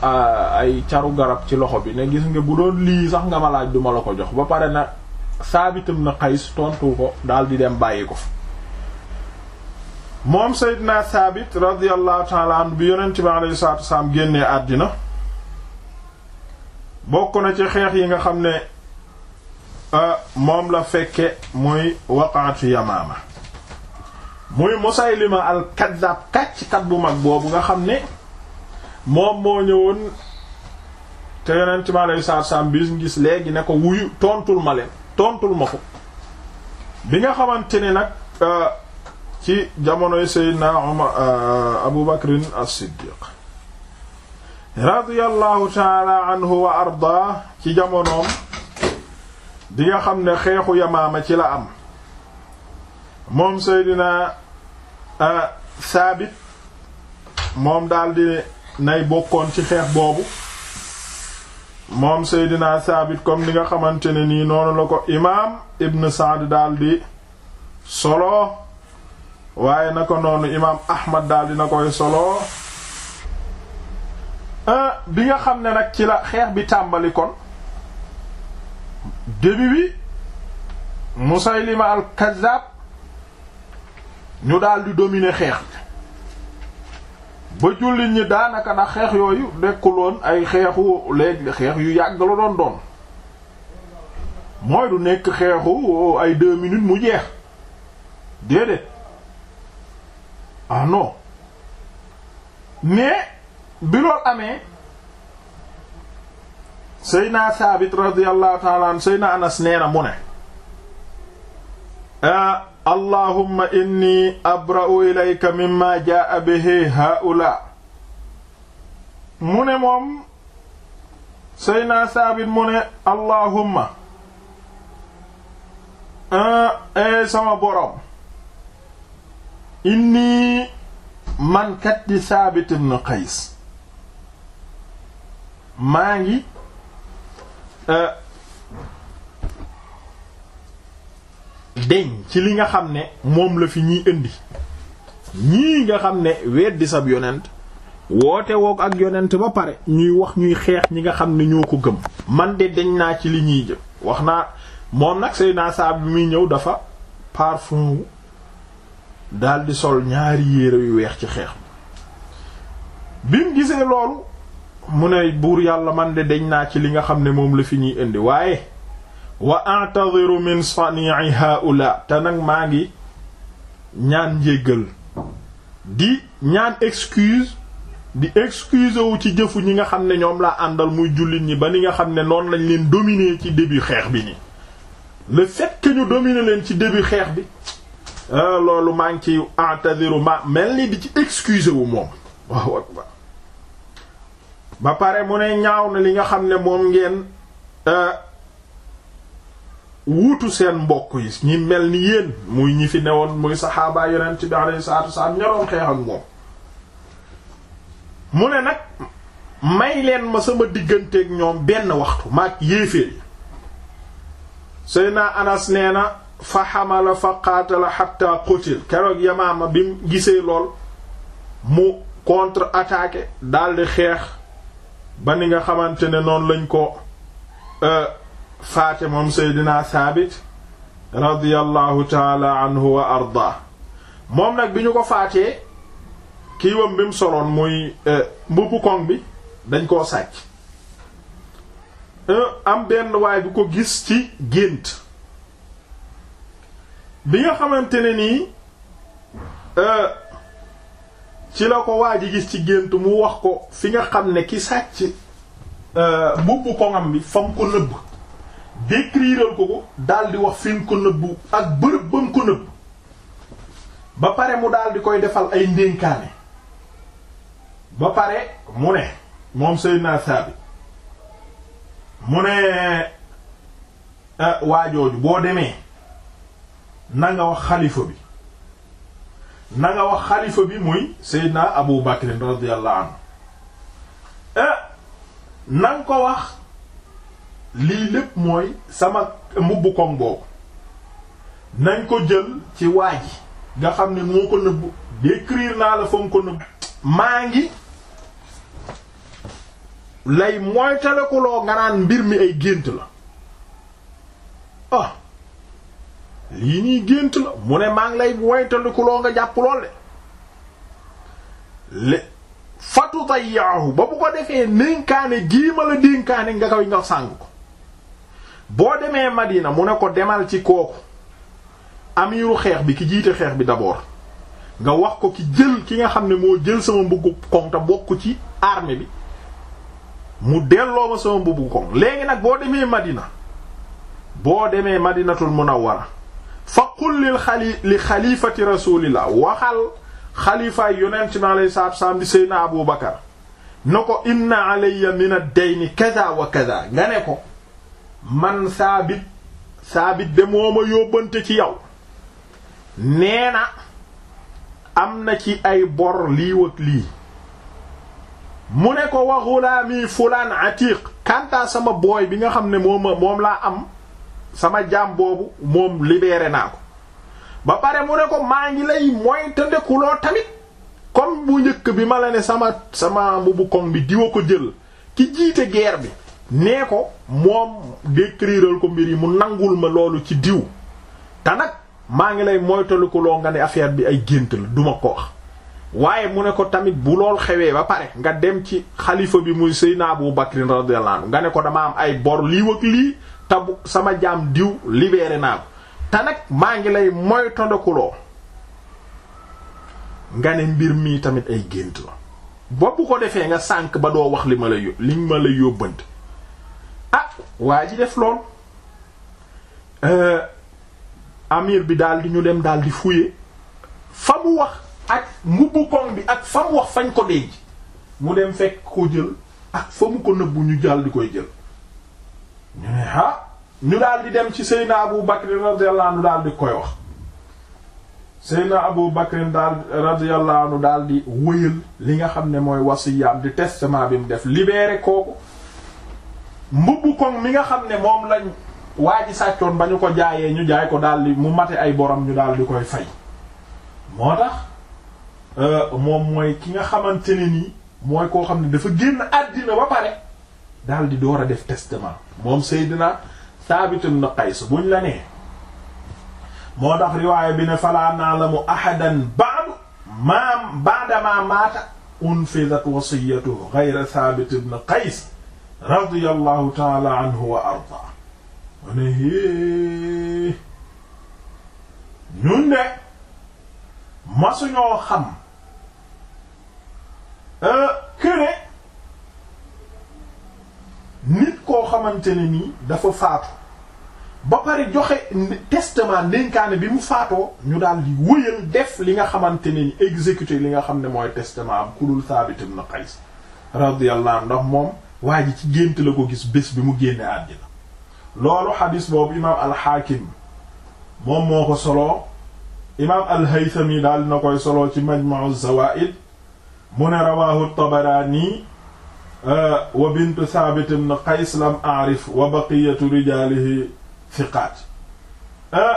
ay caru garab ci loxo bi ne gis nga bu doon lii sax nga ma laaj duma la ko jox ba pare na saabitam na xays tontu ko daal di dem bàyyi ko fa moom Seydina Saabit radiyallahu taala anhu bi yonent bi alayhi salaatu wasalaam génnee àddina bokk na ci xeex yi nga xam ne moom la fekke muy waqaatu Yamaama muy Musaylima al-Kaddaab kàcc kat bu mag boobu nga xam ne moom moo ñëwoon te yonent mi aleyhi salaatu salaam bi ñu gis léegi ne ko wuyu tontul ma leen tontul ma ko bi nga xamante ni nag euh, ci jamonoy Seydina Umar euh, Abu Bakrin as-Siddiq radiyallahu taala anhu wa ardaa ci jamonoom bi nga xam ne xeexu Yamaama ci la am moom Seydina euh, Saabit moom daldi nay bokkoon ci xeex boobu moom Seydina Saabit comme ni nga xamante ne nii noonu la ko imaam Ibn Saad daal di solo waaye na ko noonu imaam Ahmad daldi na koy solo ah, bi nga xam ne nag ci la xeex bi tàmbali kon début bi Musaylima al-Kazzab ñu daldi di xeex bi ba jullit ñi daanaka na xeex yooyu dekkuloon ay xeexu léegi xeex yu yàgg la doon doon mooy du nekk xeexu ay deux minutes mu jeex déedéet ah non mais bi loolu amee Seydina Saabit radiyallahu ta'ala an Anas nee na mu ne ah, allahumma inni abra'u ilayka mimma jaa bihi haula mu ne moom Seydina Saabit mu allahumma ee eh, eh, sama borom inni man kat di Saabit Qays maa ngi eh, deñ ci li nga xam ne moom la fi ñuy indi ñii nga xam ne weddi sab yonent woote woog ak yonent ba pare ñuy wax ñuy xeex ñi nga xam ne ñoo ko gëm man de deñ naa ci li ñuy jëm wax naa moom nag say naa saab bi muy ñëw dafa parfum daldi sol ñaari yére yu weex ci xeex bi mu gisee loolu mu ne buur yàlla man de deñ naa ci li nga xam ne moom la fi ñuy indi waaye wa a'tadhiru min sani'i haula te nag maa ngi ñaan njéggal di ñaan excuse di excuse wu ci jëfu ñi nga xam ne ñoom laa àndal muy jullit ñi ba ni nga xam ne noonu lañ leen dominer ci début xeex bi nii le fait ñu dominer leen ci début xeex bi ah, loolu maa ngi ci a'tadiru ma mel ni di ci excuse wu moom ba pare mu ne ñaaw na li nga xam ne moom ngeen ah, wuutu seen mbokk yi ñi mel ni yéen muy ñi fi newoon muy saxaaba yonent bi alayhi salaatu wasalaam ñoroon xeex moom mu ne nag may leen ma sama digganteeg ñoom benn waxtu maag yéeféer yi Seydina Anas nee na fa xamala fa qaatala xatta keroog Yamaama bi gisee lool mu contre-attaqué daldi xeex ba ni nga xamante ne noonu lañ ko euh, faate moom seydina saabit radiyallahu taala anhu wa arda moom nag bi ñu ko faatee kii wam bi mu soloon muy eh, mbubbu koŋ bi dañ koo sàcc eh, am benn waay bu ko gis ci gént bi nga xamante ne nii eh, ci la ko waa ji gis ci gént mu wax ko fi nga xam ne ki sàcc mbubbu koŋam bi fa mu ko nëbb décriral ko ko daldi wax fi mu ko nëbbu ak bërëb ba mu ko nëbbu ba pare mu daal koy defal ay ndénkaane ba pare mu ne moom Seydina Saabit mu ne eh, waajooju boo demee na nga wax xalifa bi na wax xalifa bi muy Seydina Abu Bakr radiyallahu anhu eh, na ko wax lii lépp mooy sama mbubb koŋ boobu nañ ko jël ci waa ji nga xam ne moo ko nëbb décrire naa la fa mu ko nëbb maa ngi lay moytalekuloo nga naan mbir mi ay gént la ah lii nii gént la mu ne maa ngi lay moytalekuloo nga jàpp lool le fatu tayyahu ba bu ko defee nénkaane gii ma la dénkaane nga koy nga sàng ko boo demee Madina mu ne ko demal ci kooku amiru xeex bi ki jiite xeex bi d'abord nga wax ko ki jël ki nga xam ne moo jël sama mbuggu koŋ te bokk ci armée bi mu delloo ma sama mbuggu koŋ léegi nag boo demee Madina boo demee Madinatul Munawwara fa qul lil xali li xalifati rasulillah waxal xalifaay yonent mi alayhi salaatu salaam di Seydina Abu Bakar na ko inna alayya na ad-dayni kaza wa kaza nga ne ko man saabit saabit de moo ma yóbbante ci yow nee na am na ci ay bor lii lii mu ne ko wa ghulami fulaan atiq kantaa sama booy bi nga xam ne moom laa am sama jaam boobu moom libéré naa ko ba pare mu ne ko maa ngi lay mooy te ndekuloo tamit kon bu njëkk bi ma la ne sama sama mbubu koŋ bi diwa ko jël ci jiite geer bi nee ko moom décriral ko mbir yi mu nangul ma loolu ci diw te maa ngi lay moytalikuloo nga ne affaire bi ay gént la duma ko wax waaye mu ne ko tamit bu lool xewee ba pare nga dem ci xalifa bi muy Seydina Abu Bakr radiyallahu anhu nga ne ko dama am ay bor lii wëg lii tabu sama jaam diw libéré naa ko te maa ngi lay moytalikuloo nga ne mbir mii tamit ay gént la ba ko defee nga sànk ba doo wax li ma la yób li ah waa ji def lool euh, amir bi daal di ñu dem daal di fuye fa mu wax ak ngubbu koŋ bi ak fa mu wax fañ ko denc mu dem fekk ko jël ak fa mu ko nëbbu ñu daal koy jël ñu ne ah, daal di dem ci Seydina Abu Bakr radiyallahu anhu di koy wax Seydina Abu Bakr daal radiyallahu anhu daal di li nga xam ne mooy wasiyaam di testament bi mu def libeere kooku mbubb koŋ mi nga xam ne moom lañ waa ji sàccoon ba ñu ko jaayee ñu jaay ko daldi mu mate ay borom ñu daldi koy fay moo tax euh, moom mooy ki nga xamante ne nii mooy koo xam ne dafa génn àddina ba pare daldi door a def testament moom Seydina Saabit ibn Qays buñ la nee moo tax riwaaya bi ne falaa na'lamu ahadan ba'du ma ba'da ma maata unfizat wasiyatu ghayra Saabit ibn radiyallahu taala anhu wa arda ma ne é ñun de masuñoo xam këne euh, nit koo xamante ne nii dafa faatu ba pare joxe testament ndénkaane bi mu faatoo ñu daal di wëyal def li nga xamante ne ni exécuté li nga xam ne mooy testament am kulul Thabit ibn Qais radiyallahu anhu ndax moom waa ji ci gént la ko gis bés bi mu génne àddina loolu xadis boobu imaam alxaakim moom moo ko soloo imaam daal na koy soloo ci majmau zawaid mu ne rawahu tabaraani uh, wa bintu thabit ibn qays lam aarif wa baqiyatu rijaalihi thiqaat uh,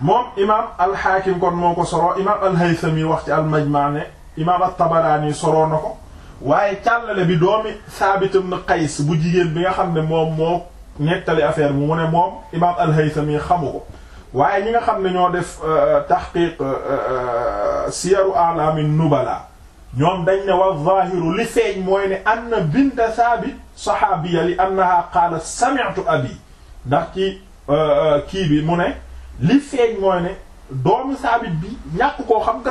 moom imaam alxaakim kon moo ko soloo imaam alhaytami wax ci almajmaa ne imaam altabaraani soloo na ko waaye càllale bi doomi Saabit ibn Qays bu jigéen bi nga xam ne moom moo nettali affaire mu ne moom imaam al-Haythami xamu ko waaye ñi nga xam ne ñoo def euh, tahqiq euh, euh, siyaru a'lami nubala ñoom dañ ne wa zaahiru li feeñ mooy ne anna bint Saabit saxaabiya li annaha qaalat sami'tu abi ndax ci kii bi mu ne li feeñ mooy ne doomu bi ñàkk koo xam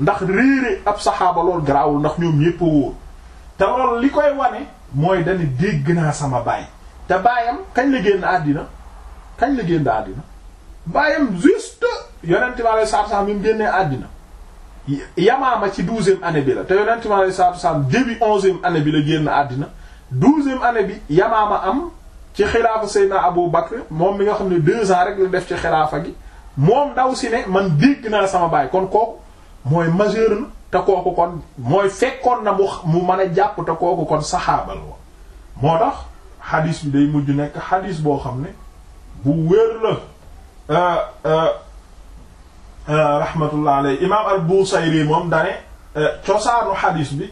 ndax réere ab saxaaba loolu garaawul ndax ñoom ñépp a te loolu li koy wane mooy dañu dégg naa sama baay te baayam kañ la génn àddina kañ la génn àddina baayam juste yonente bi alei satu salaam yi mu génnee àddina yamaama ci douzième année bi la te yonente bi alei satu salaam début onzième année bi la génn àddina douzième année bi yamaama am ci xilaafa Seydina Abu Bakr moom mi nga xam ne deux ans rek la def ci xilaafa gi moom ndaw si ne man dégg naa sama baay kon kooku mooy majeur te kooku kon mooy fekkoon na mu mu mën a jàpp te kooku kon saxaaba la woon moo tax xadis bi day mujj nekk xadis boo xam ne bu wér la euh, euh, euh, rahmatullah alay imaam al-Busayri moom dane cosaanu xadis bi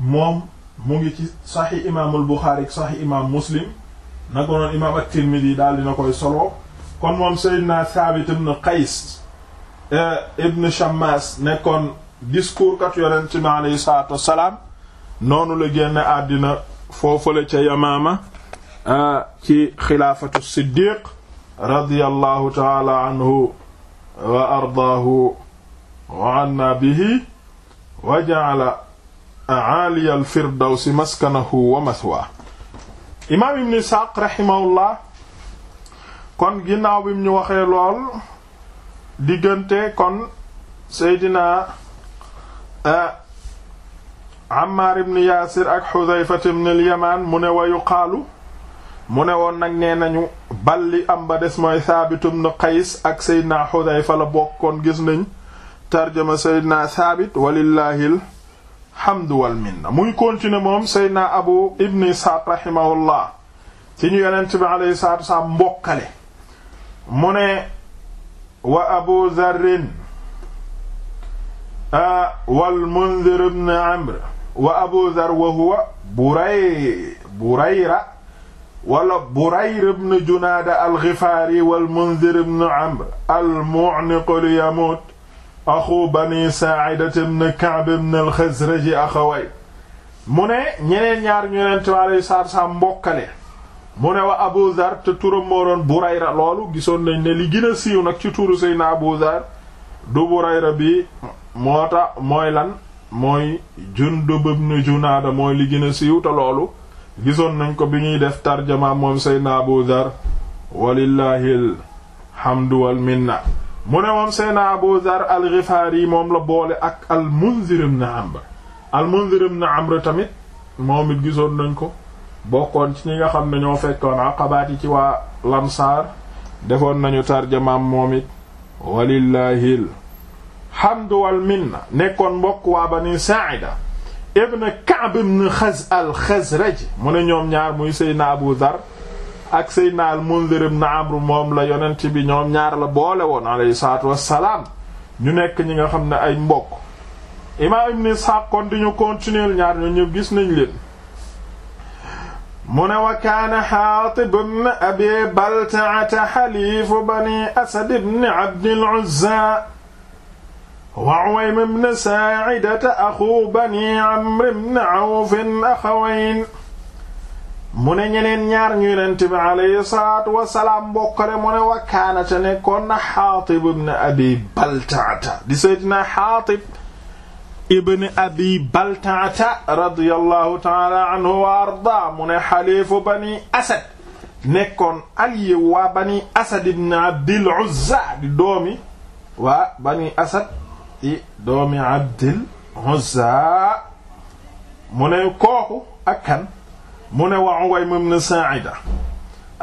moom mu ngi ci saxi imaamul Buxaari saxi imaam Muslim na ko noon imaam at-Tirmidi daal dina koy solo kon moom Seydina Saabit ibn Qays Eh, ibn Shammas nekkoon discours kat yonent bi aleyhi salaatu wassalaam noonu la génn àddina foofale ca Yamaama eh, ci xilaafatu Siddiq radiyallahu taala anhu wa ardaahu wa anna bihi wa ja'ala aaliya al-firdawsi maskanahu wa mathwaa imaam ibn Isxaaq rahimahullah kon ginnaaw bi mu ñu waxee lool diggante kon seydina eh, Ammaar ibn Yaasir ak Xudayfa ibn al mu ne wa yuqaalu mu ne woon nag ne nañu balli am ba des mooy Qays ak seydina Xudayfa la bokkoon gis nañ tarjama seydina Saabit walillaahil hamdu wal minna muy continuer moom seydina Abu ibn Isxaaq rahimahullah ci ñu yonent bi alayhi mbokkale mu ne wa abu zarrin wal munzir ibn amr wa abu zar wa huwa buray burayra wala burayr ibn junaada al ghifaari wal munzir ibn amr al mu'niq li yamuut axu bani saa'idat ibn ka'b ibn al xasraji axaway mu ne ñeneen ñaar ñu leen tubaab yi saar saa mbokkale mu ne wa Abu te turam moo doon Burayra loolu gisoon nañ ne li gën siiw nag ci turu Seydina Abu Zar du Burayra bi moo tax mooy lan mooy Jundub ibn Junaada mooy li gën siiw te loolu gisoon nañ ko bi ñuy def tarjama moom Seydina Abu Zar walillahi alhamdu wal mu ne moom Seydina Abu Zar moom la boole ak al-Munzir ibn Amr al-Munzir ibn Amr tamit moom it gisoon nañ ko bokkoon ci ñi nga xam ne ñoo fekkoon aqabaat yi ci waa lamsaar defoon nañu tarjamaam moom it walillahil hamdu wal minna nekkoon mbokk waa bani sa'ida ibn ka'b ibn xaz al xazraj mu ne ñoom ñaar muy seydna abu ak seydna al mundhir ibn amr moom la yonent bi ñoom ñaar la boole woon alayhi salaatu wassalaam ñu nekk ñi nga xam ne ay mbokk imaam ibn ishaq kon di ñu continuer ñaar ñu ñëpp gis nañ leen mu ne wa kaana xaatib ibn abi baltaata xaliifu bani asad ibn abdil uzza wa uwaym ibn saacidata axu bani amr ibn awfin axawayn mu ne ñeneen ñaar ñu yonent bi alayhi salaatu wasalaam bokkale mu ne wa kaanate nekkoon na xaatib ibn abi baltaata di sayyidina xaatib ibn abi baltaata radiyallahu taala anhu wa arda mu ne xaliifu bani asad nekkoon allié waa bani asad ibn abdil uzza di doomi waa bani asad di doomi abdil uzza mu ne kooku ak kan mu ne wa uwaym ibn sa'ida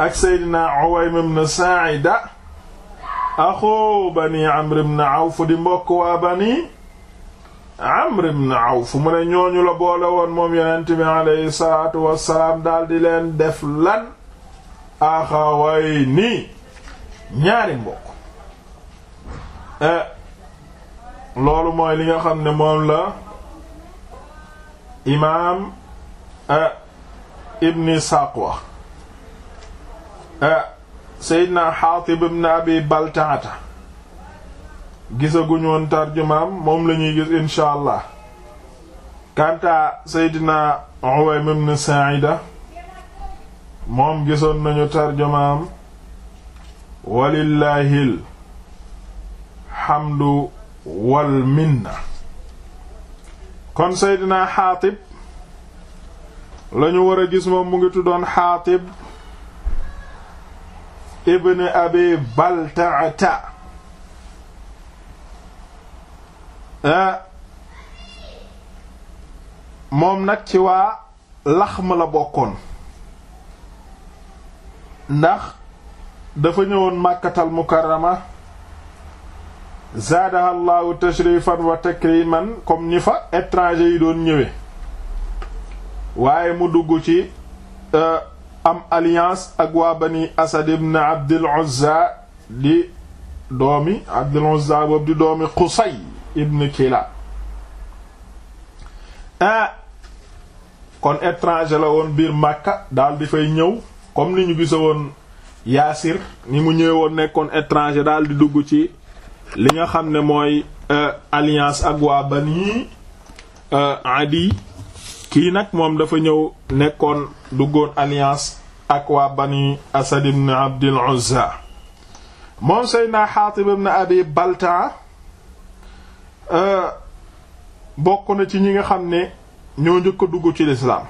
ak seydina uwaym ibn sa'ida axu bani amr ibn awf di mbokk waa bani Amr ibn fu mu ne ñooñu la boole woon moom yonent bi aleyhi salaatu wassalaam daal di leen def lan axaway nii ñaari mbokk eh, loolu mooy li nga xam ne moom la imaam eh, ibn Isaaq wa eh, Seydina Xaatib ibn Abi Baltaata gisaguñu tarjumaam moom lañuy ñuy gis incha allah seydina Uwaym ibn moom gisoon nañu tarjumaam walillaahil hamdu wal kon seydina Xaatib lañu war a gis moom mu ngi tuddoon Xaatib ibn Abi Baltaata Eh, moom nag ci waa laxm la bokkoon ndax dafa ñëwoon màkkatal mukarrama zaadaha llahu tashrifan wa takriman comme ni fa étranger yi doon ñëwee waaye mu dugg ci eh, am alliance ak waa bani asad ibn abdul uzza di doomi abdul uzza boobu di doomi qusay ibn Kilab ah kon étranger la woon biir Makka daal di fay ñëw comme ni ñu gisa woon Yaasir ni mu ñëwee woon nekkoon étranger daal di dugg ci li nga xam ne mooy euh, alliance ak waa Bani euh, Adi kii nag moom dafa ñëw nekkoon duggoon alliance ak waa Bani Asad ibn Abdil Uzza moom Seydina Xaatib ibn Abi Baltaa Euh, bokk na ci ñi nga xam ne ñoo njëkk dugg ci lislaam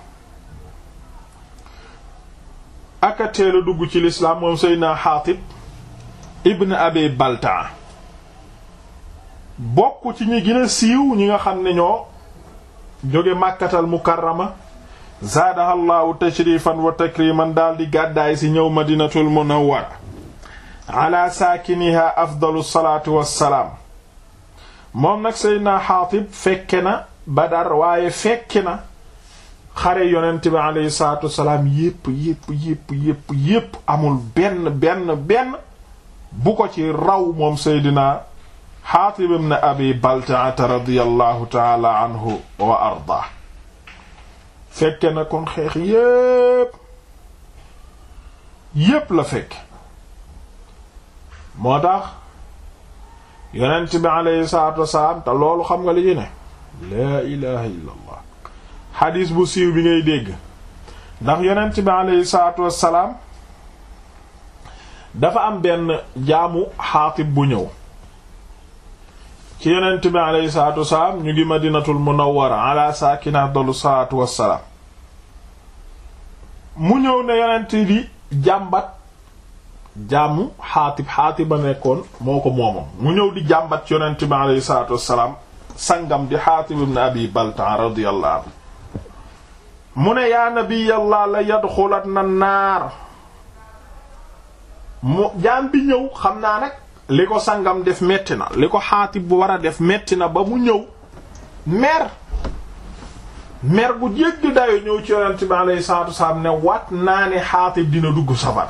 aka dugg ci lislaam moom Seydina Xaatib ibn Abi Baltaa bokk ci ñi gën siiw ñi nga xam ne ñoo jóge Màkkatal Mukarrama zaadahallahu tashrifan wa takriman daal di gàddaay si ñëw Madinatul Munawwara ala saakiniha afdalu salaatu wassalaam moom nag Seydina Xaatib fekke na Badar waaye fekke na xare yonent bi aleyhi salatu wasalaam yépp yépp yépp yépp amul benn benn benn bu ko ci raw moom Seydina Xaatib ibn Abi Baltaata radiyallahu taala anhu wa arda fekke na kon xeex yépp yépp la fekk yonent bi aleyhi salaatu wasalaam te loolu xam nga li ci ne laa ilaha illa xadiis bu siiw bi ngay dégg ndax yonent bi aleyhi salaatu wasalaam dafa am benn jaamu xaatib bu ñëw ci yonent bi aleyhi salaatu wasalaam ñu ngi madinatul munawwara ala saakina mu ñëw ne yonent bi jàmbat jaamu xaatib xaatib ba nekkoon moo ko moomoon mu ñëw di jàmbat yonent bi aleyhi salaatu wassalaam sangam di xaatib ibn abi baltan radiyallahu anhu mu ne yaa nabiyallah la yadxulat na naar mu jaam bi ñëw xam naa nag li ko sangam def metti na li ko xaatib bu war a def metti na ba mu ñëw mer mer bu jégg dayo ñëw ci yonent bi aleyhi salaatu wassalaam ne waat naa ne xaatib dina dugg safar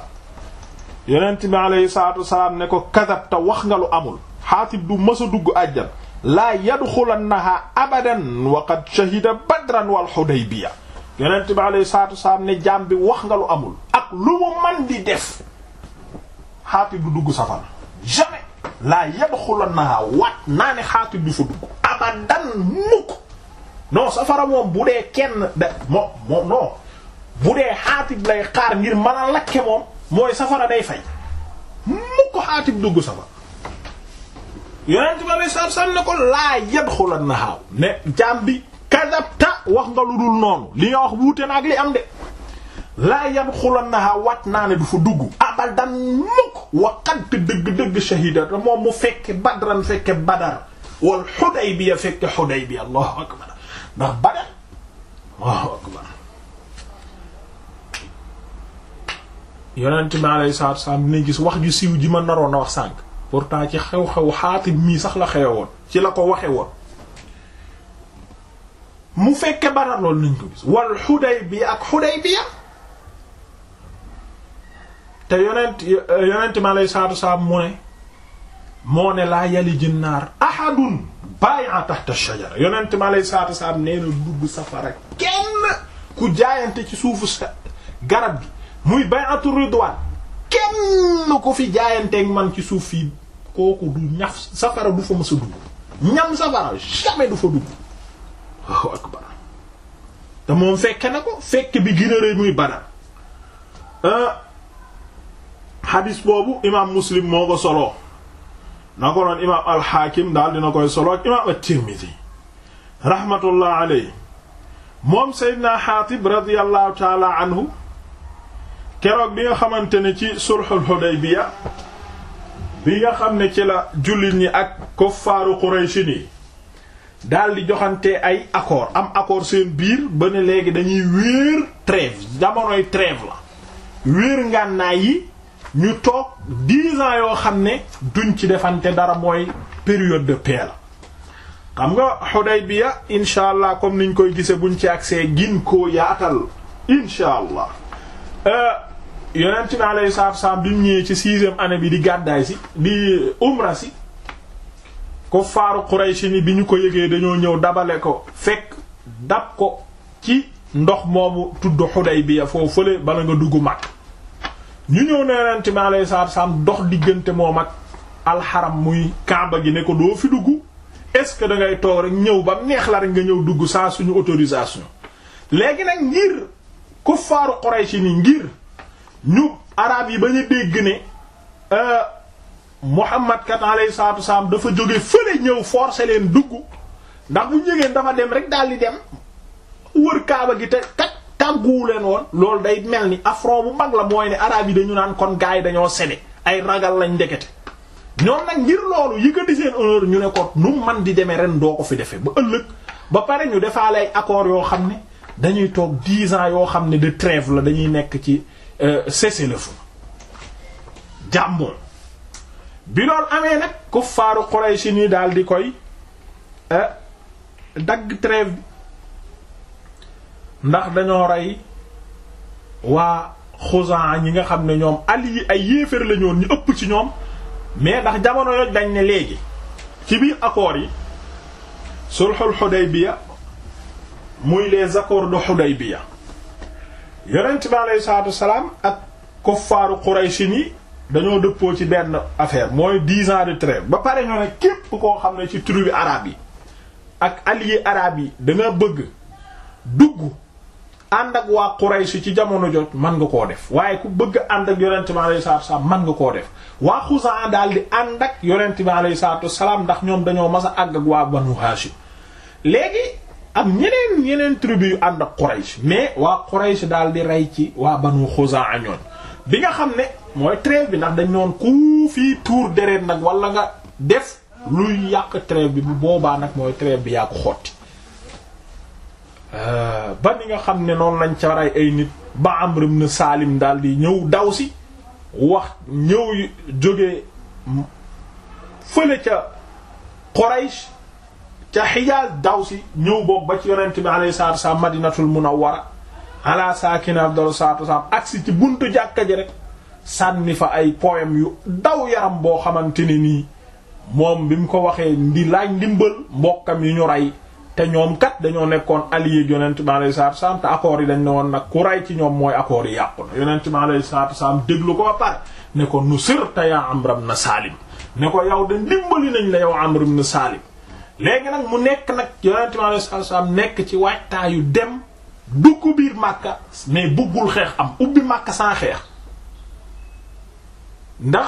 yonent bi aleyhi salaatu wasalaam ne ko kadabta wax nga lu amul xaatib du mësa dugg àjjan laa yadxulannahaa abadan wa qad shahida badran wal xudaybiya yonent aleyhi salaatu wasalaam ne jaam bi wax nga amul ak lu mu man di def xaatib du dugg safara jamais laa yadxulannahaa wat naa ne xaatib du fa dugg abadan mukk non safara moom bu dee kenn de moom moom non bu dee xaatib lay xaar ngir mën a lakke moom mooy safara day fay mukk xaatib dugg safara yonent ba ne saf sam ne ko laa yadxulan na xaaw ne jaam bi kadabta wax nga lu dul noonu li nga wax wuute na ak li am de laa yadxulan na xaaw wàcc naa ne du fa dugg abadan mukk waqat dëgg-dëgg shahida te moom mu fekke badran fekke badar wal xudaybiya fekke xudaybiya allahu akbar ndax badar allahu akbar yonent bi alayhi salaatu salaam dina gis wax ju siw ji ma naroon a wax sànq pourtant ci xew-xew Xaatib mii sax la xewe woon ci la ko waxe woon mu fekke Badar loolu nañ ko gis wal Xudaybiya ak Xudaybiya te yonent yonent bi alayhi salaatu salaam mu ne moo ne laa yali jinnaar ahadun bay'a tahta shajara yonent bi alayhi salaatu salaam nee na dugg safara kenn ku jaayante ci suufu garab gi muy bay'atu ridwaan kenn ko fi jaayanteeg man ci suuf fii kooku du ñaf safara du fa mës dugg ñam safara jamais du fa dugg te moom fekke na ko fekk bi gën a rëy muy Badar xadis euh, boobu imaam Muslim moo ko soloo na ko noon imaam al-Hakim daal dina koy soloo ak imaam at-Tirmidhi rahmatullah alayhi moom Seydina Xaatib radiyallahu taala anhu keroog bi nga xamante ne ci sulhul Hudaybiya bi nga xam ne ci la jullit ñi ak kuffaaru Quraysh ni daal di joxante ay accord am accord seen biir ba ne léegi dañuy wéer trêve jamonoy trêve la wéer ngànnaay yi ñu toog dix yoo xam ne duñ ci defante dara mooy période de paix la xam nga bi incha allah comme niñ koy gisee buñ ci agsee gin koo yaatal incha yonent bi alayhi salaatu wassalaam bi mu ci sixième année bi di gàddaay si di euh, umra si kuffaaru Qurayshi ni bi ñu ko yëgee dañoo ñëw dabale ko fekk dab ko ci ndox moomu tudd Hudaybiya foofu fële bala nga dugg mag ñu ñëw ne yonent bi alayhi salaatu wassalaam dox diggante moom mag alxaram muy kàmba gi ne ko doo fi dugg est-ce que da ngay toog rek ñëw ba neex la rek nga ñëw dugg saa suñu autorisation léegi nag ngir kuffaaru Qurayshi ni ngir ñu arab yi ba ñu dégg ne euh, Muhammad kat alayhi salaatu wasalaam dafa jóge fële ñëw forcer leen dugg ndax mu jógeen dafa dem rek daal di dem wër kaaba gi te kat tàgguwu leen woon loolu day mel ni affront bu mag la mooy ne arab yi dañu naan kon gars yi dañoo sede ay ragal lañ ndekete ñoo nag ngir loolu yëkkati seen honneur ñu ne ko nu man di demee ren doo ko fi defee ba ëllëg ba pare ñu defaale ay accords yoo xam ne dañuy toog dix ans yoo xam ne de trêve la dañuy nekk ci Euh, cessez-le-feu jàmmoo bi loolu amee nag kuffaaru Quraysh nii daal di koy euh, dagg trêve ndax dañoo rey waa Xuzaa ñi nga xam ne ñoom ali ay yéeféer la ñoon ñu ëpp ci ñoom mais ndax jamono yooyu dañ ne léegi ci biir accords yi sulhul Hudaybiya muy les accords de Hudaybiya yonent bi aleyhi salaam ak kuffaaru Quraysh ni dañoo dëppoo ci benn affaire mooy dix ans de trêve ba pare ñoo ne képp koo xam ne ci tribu arabe yi ak alliés arabes yi da bëgg dugg ànd ak waa Quraysh ci jamono jot mën nga koo def waaye ku bëgg ànd ak yonent bi aleyhi salaatu wasalaam mën nga koo def waa Xuzaa daal di ànd ak yonent bi aleyhi salaam ndax ñoom dañoo mas a àgg ak waa Banu Haashim léegi am ñeneen ñeneen tribu yu ànd mais waa Quraysh daal di rey ci waa Banu Xuzaa ñoon bi nga xam ne mooy trêve bi ndax dañ noon ku fii tuur deret nag walla nga def luy yàq trêve bi bu boobaa nag mooy trêve bi yaa ko xotti euh, ba ni nga xam ne noonu lañ ca rey ay nit ba Amr ibn Salim daal di ñëw daw si wax ñëw jógee fële ca Quraysh ca xijaas daw si ñëw boobu ba ci yonent bi alayhi salaatu wasalaam madinatul munawwara ala saakina afdalu salaatu wasalaam agsi ci buntu jàkka ji rek sànni fa ay poème yu daw yaram boo xamante ne nii moom bi mu ko waxee ndi laaj ndimbal mbokkam yu ñu ray te ñoom kat dañoo nekkoon allié yonent bi alayhi salaatu wasalaam te accords dañ ne woon na ku ci ñoom mooy accords yi yàqu na yonent bi alayhi ko ba pare ne ko nusirta yaa Amr ibn Salim ne ko yow de ndimbali nañ la yow léegi nag mu nekk nag yonent bi nekk ci waajtaayu dem dugg biir Makka mais bëggul xeex am ubbi màkka sans xeex ndax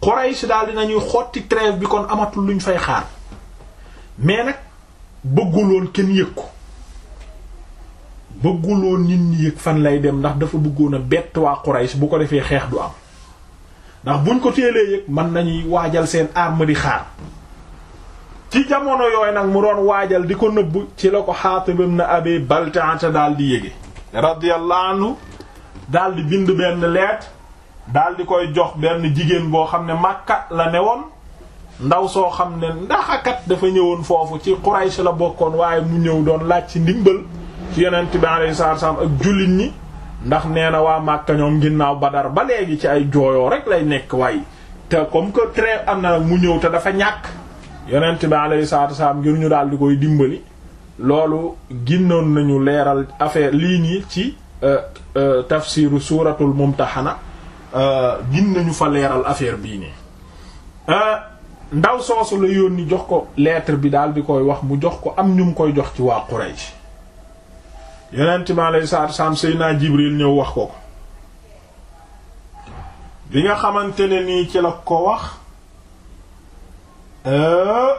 Quraysh daal nañuy xotti trêve bi kon amatul luñ fay xaar mais nag bëgguloon kenn yëg ko bëgguloon nit ñi yëg fan lay dem ndax dafa bëggoon a bett waa Quraysh bu ko defee xeex du am ndax buñ ko teelee yëg mën nañuy waajal seen arme di xaar ci jamono yooyu nag mu doon waajal di ko nëbb ci la ko Xaatib ibn Abi Balta'a daal di yége radiyallahu anhu di bind benn leet daal di koy jox benn jigéen boo xam ne Makka la ne woon ndaw soo xam ne ndaxakat dafa ñëwoon foofu ci Quraysh la bokkoon waaye mu ñëw doon laaj ci ndimbal ci yonent bi alayhi salaatu salaam ak jullit ñi ndax nee na waa Makka ñoom ginnaaw Badar ba léegi ci ay jooyoo rek lay nekk waaye te comme que très am na mu ñëw te dafa ñàkk yonent bi alayhi salaatu wasalaam ngir ñu daal di koy dimbali loolu ginnoon nañu leeral affaire lii nii ci euh, euh, tafsiru suuratul mumtaxana euh, gin nañu fa leeral affaire bii nii ndaw soosu la yoon yónni jox ko lettre bi daal di koy wax mu jox ko am ñu mu koy jox ci waa Quraysh yonent bi alayhi salaatu wasalaam Seydina Jibril ñëw wax ko ko bi nga xamante ne ci la ko wax Euh,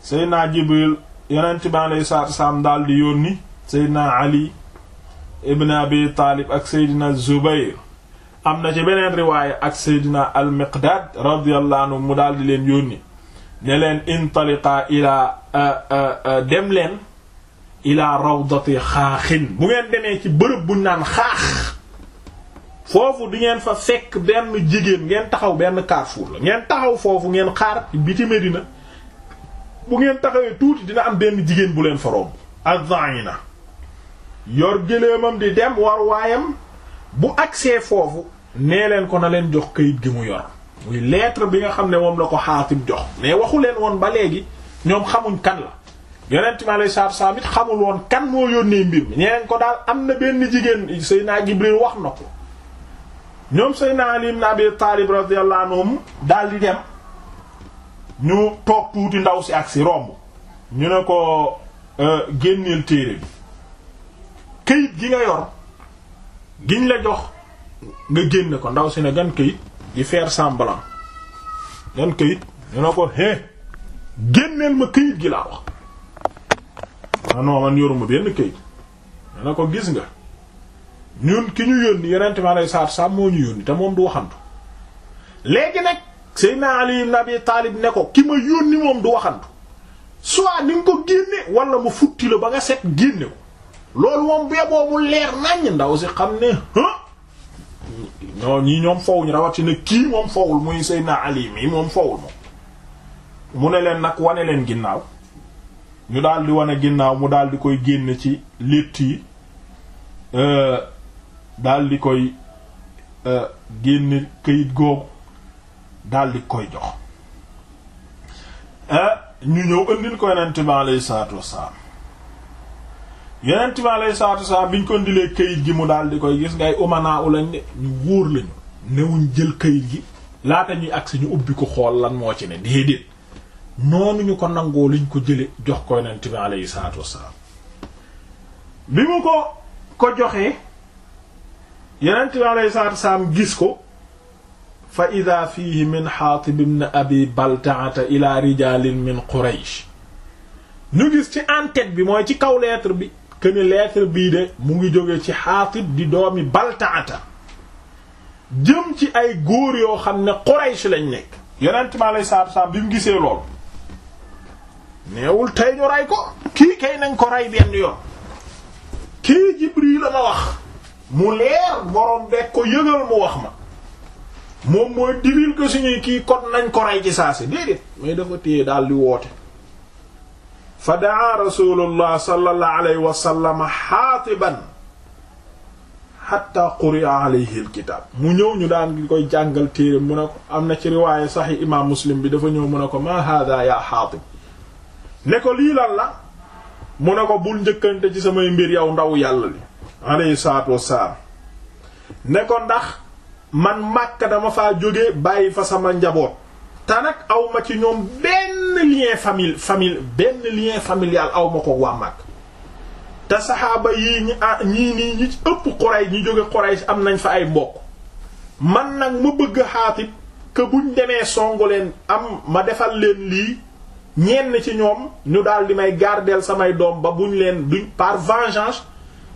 seydna jibril yonent bi alayhi salaatu salaam daal di yónni seydna ali ibn abi taalib ak seydna zubayr am na ci beneen riwaaya ak seydna al miqdad radiyallahu anhu mu daal di leen yónni ne leen intaliqaa ilaa euh, euh, dem leen ilaa rawdati xaaxin bu ngeen demee ci bërëb buñ naan xaax foofu di ngeen fa fekk benn jigéen ngeen taxaw benn carrefour la ngeen taxaw foofu ngeen xaar biti Medina bu ngeen taxawee tuuti dina am benn jigéen bu leen fa romb azzaina yor gëléemam di dem war waayam bu agsee foofu nee leen ko na leen jox kayit gi mu yor muy lettre bi nga xam ne moom la ko Xaatib jox mais waxu leen woon ba léegi ñoom xamuñ kan la yonent mi alei saatu salaam xamul woon kan moo yónnee mbir mi ñeneen ko daal am na benn jigéen Seydina Jibril wax na ko ñoom Seydina Ali ibn Abi Taalib radiyallahu anhum daal di dem ñu toog tuuti ndaw si agsi romb ñu ne ko euh, génneel téere bi këyit gi nga yor giñ la jox nga génn ko ndaw si ne gan këyit di faire semblant gan këyit ñu ne ko hé génneel ma këyit gi laa wax ah non man yoruma benn këyit ñu ne ko gis nga ñun ki ñu yónni yonent mi alayhi salaatu salaam moo ñu yónni te moom du waxantu léegi nag Seydina Ali ibn Abi Taalib ne ko ki ma yónni moom du waxantu soit ni ko génne wala mu futti la ba nga set génne ko loolu moom bee boobu leer naññ ndaw si xam ne ñoo ñii ñoom fowuñu rawatina kii moom fowul muy Seydina Ali mii moom fowul moom mu ne leen nag wane leen ginnaaw ñu daal di wane ginnaaw mu daal di koy génn ci létt yi euh, daldi koy euh, génn këyit googu daal koy jox euh, ñu ñëw andil ko yonent bi alayhi salaatu wassalaam yonent bi alayhi salaatu wassalaam biñ ko indilee këyit gi mu daal di koy gis ngay umanaa ulañ de ñu wóor lañu newuñ jël kayit gi laata ñuy agsi ñu ubbi ko xool lan moo ci ne déedéet noonu ñu ko nangoo liñ ko jële jox ko yonent bi alayhi salaatu wassalaam bi mu ko ko joxee yonent bi alayhi salaatu wasalaam gis ko fa ida fiihi min xaatib ibn abi baltaata ila rijalin min quraysh ñu gis ci en bi mooy ci kaw lettre bi que ni lettre bii de mu ngi jóge ci xaatib di doomi baltaata jëm ci ay góor yoo xam ne quraysh lañ nekk yonent bi alayhi salaatu wasalaam bi mu gisee lool neewul tey ñu rey ko kii kay nañ ko rey benn yoon kii jibril la ma wax mu leer borom de ko yëgal mu wax ma moom mooy diril ko kii kot nañ ko rey ci saa si déedéet mais dafa téye daal di woote fa daa rasulullah sallallahu alayhi wa sallam xaatiban xatta quri'a alayhi alkitab mu ñëw ñu daan di koy jàngal téere mu ne ko am na ci riwaaye saxi imam muslim bi dafa ñëw mu ne ko ma hada ya xaatib ne ko lii lan la mu ne ko bul njëkkante ci samay mbir yow ndaw yàlla li alayhi salaatu wassalaam ne ko ndax man Makka dama faa jóge bàyyi fa sama njaboot te nag awma ci ñoom benn lien famille famille benn lien familial awma ko waa Makka te saxaaba yi ñi ah ñii nii ñi ëpp Quraysh ñi jóge Quraysh am nañ fa ay mbokk man nag ma bëgg a xaatib que buñ demee songu leen am ma defal leen lii ñenn ci ñoom ñu daal di may gardeel samay doom ba buñ leen duñ par vengeance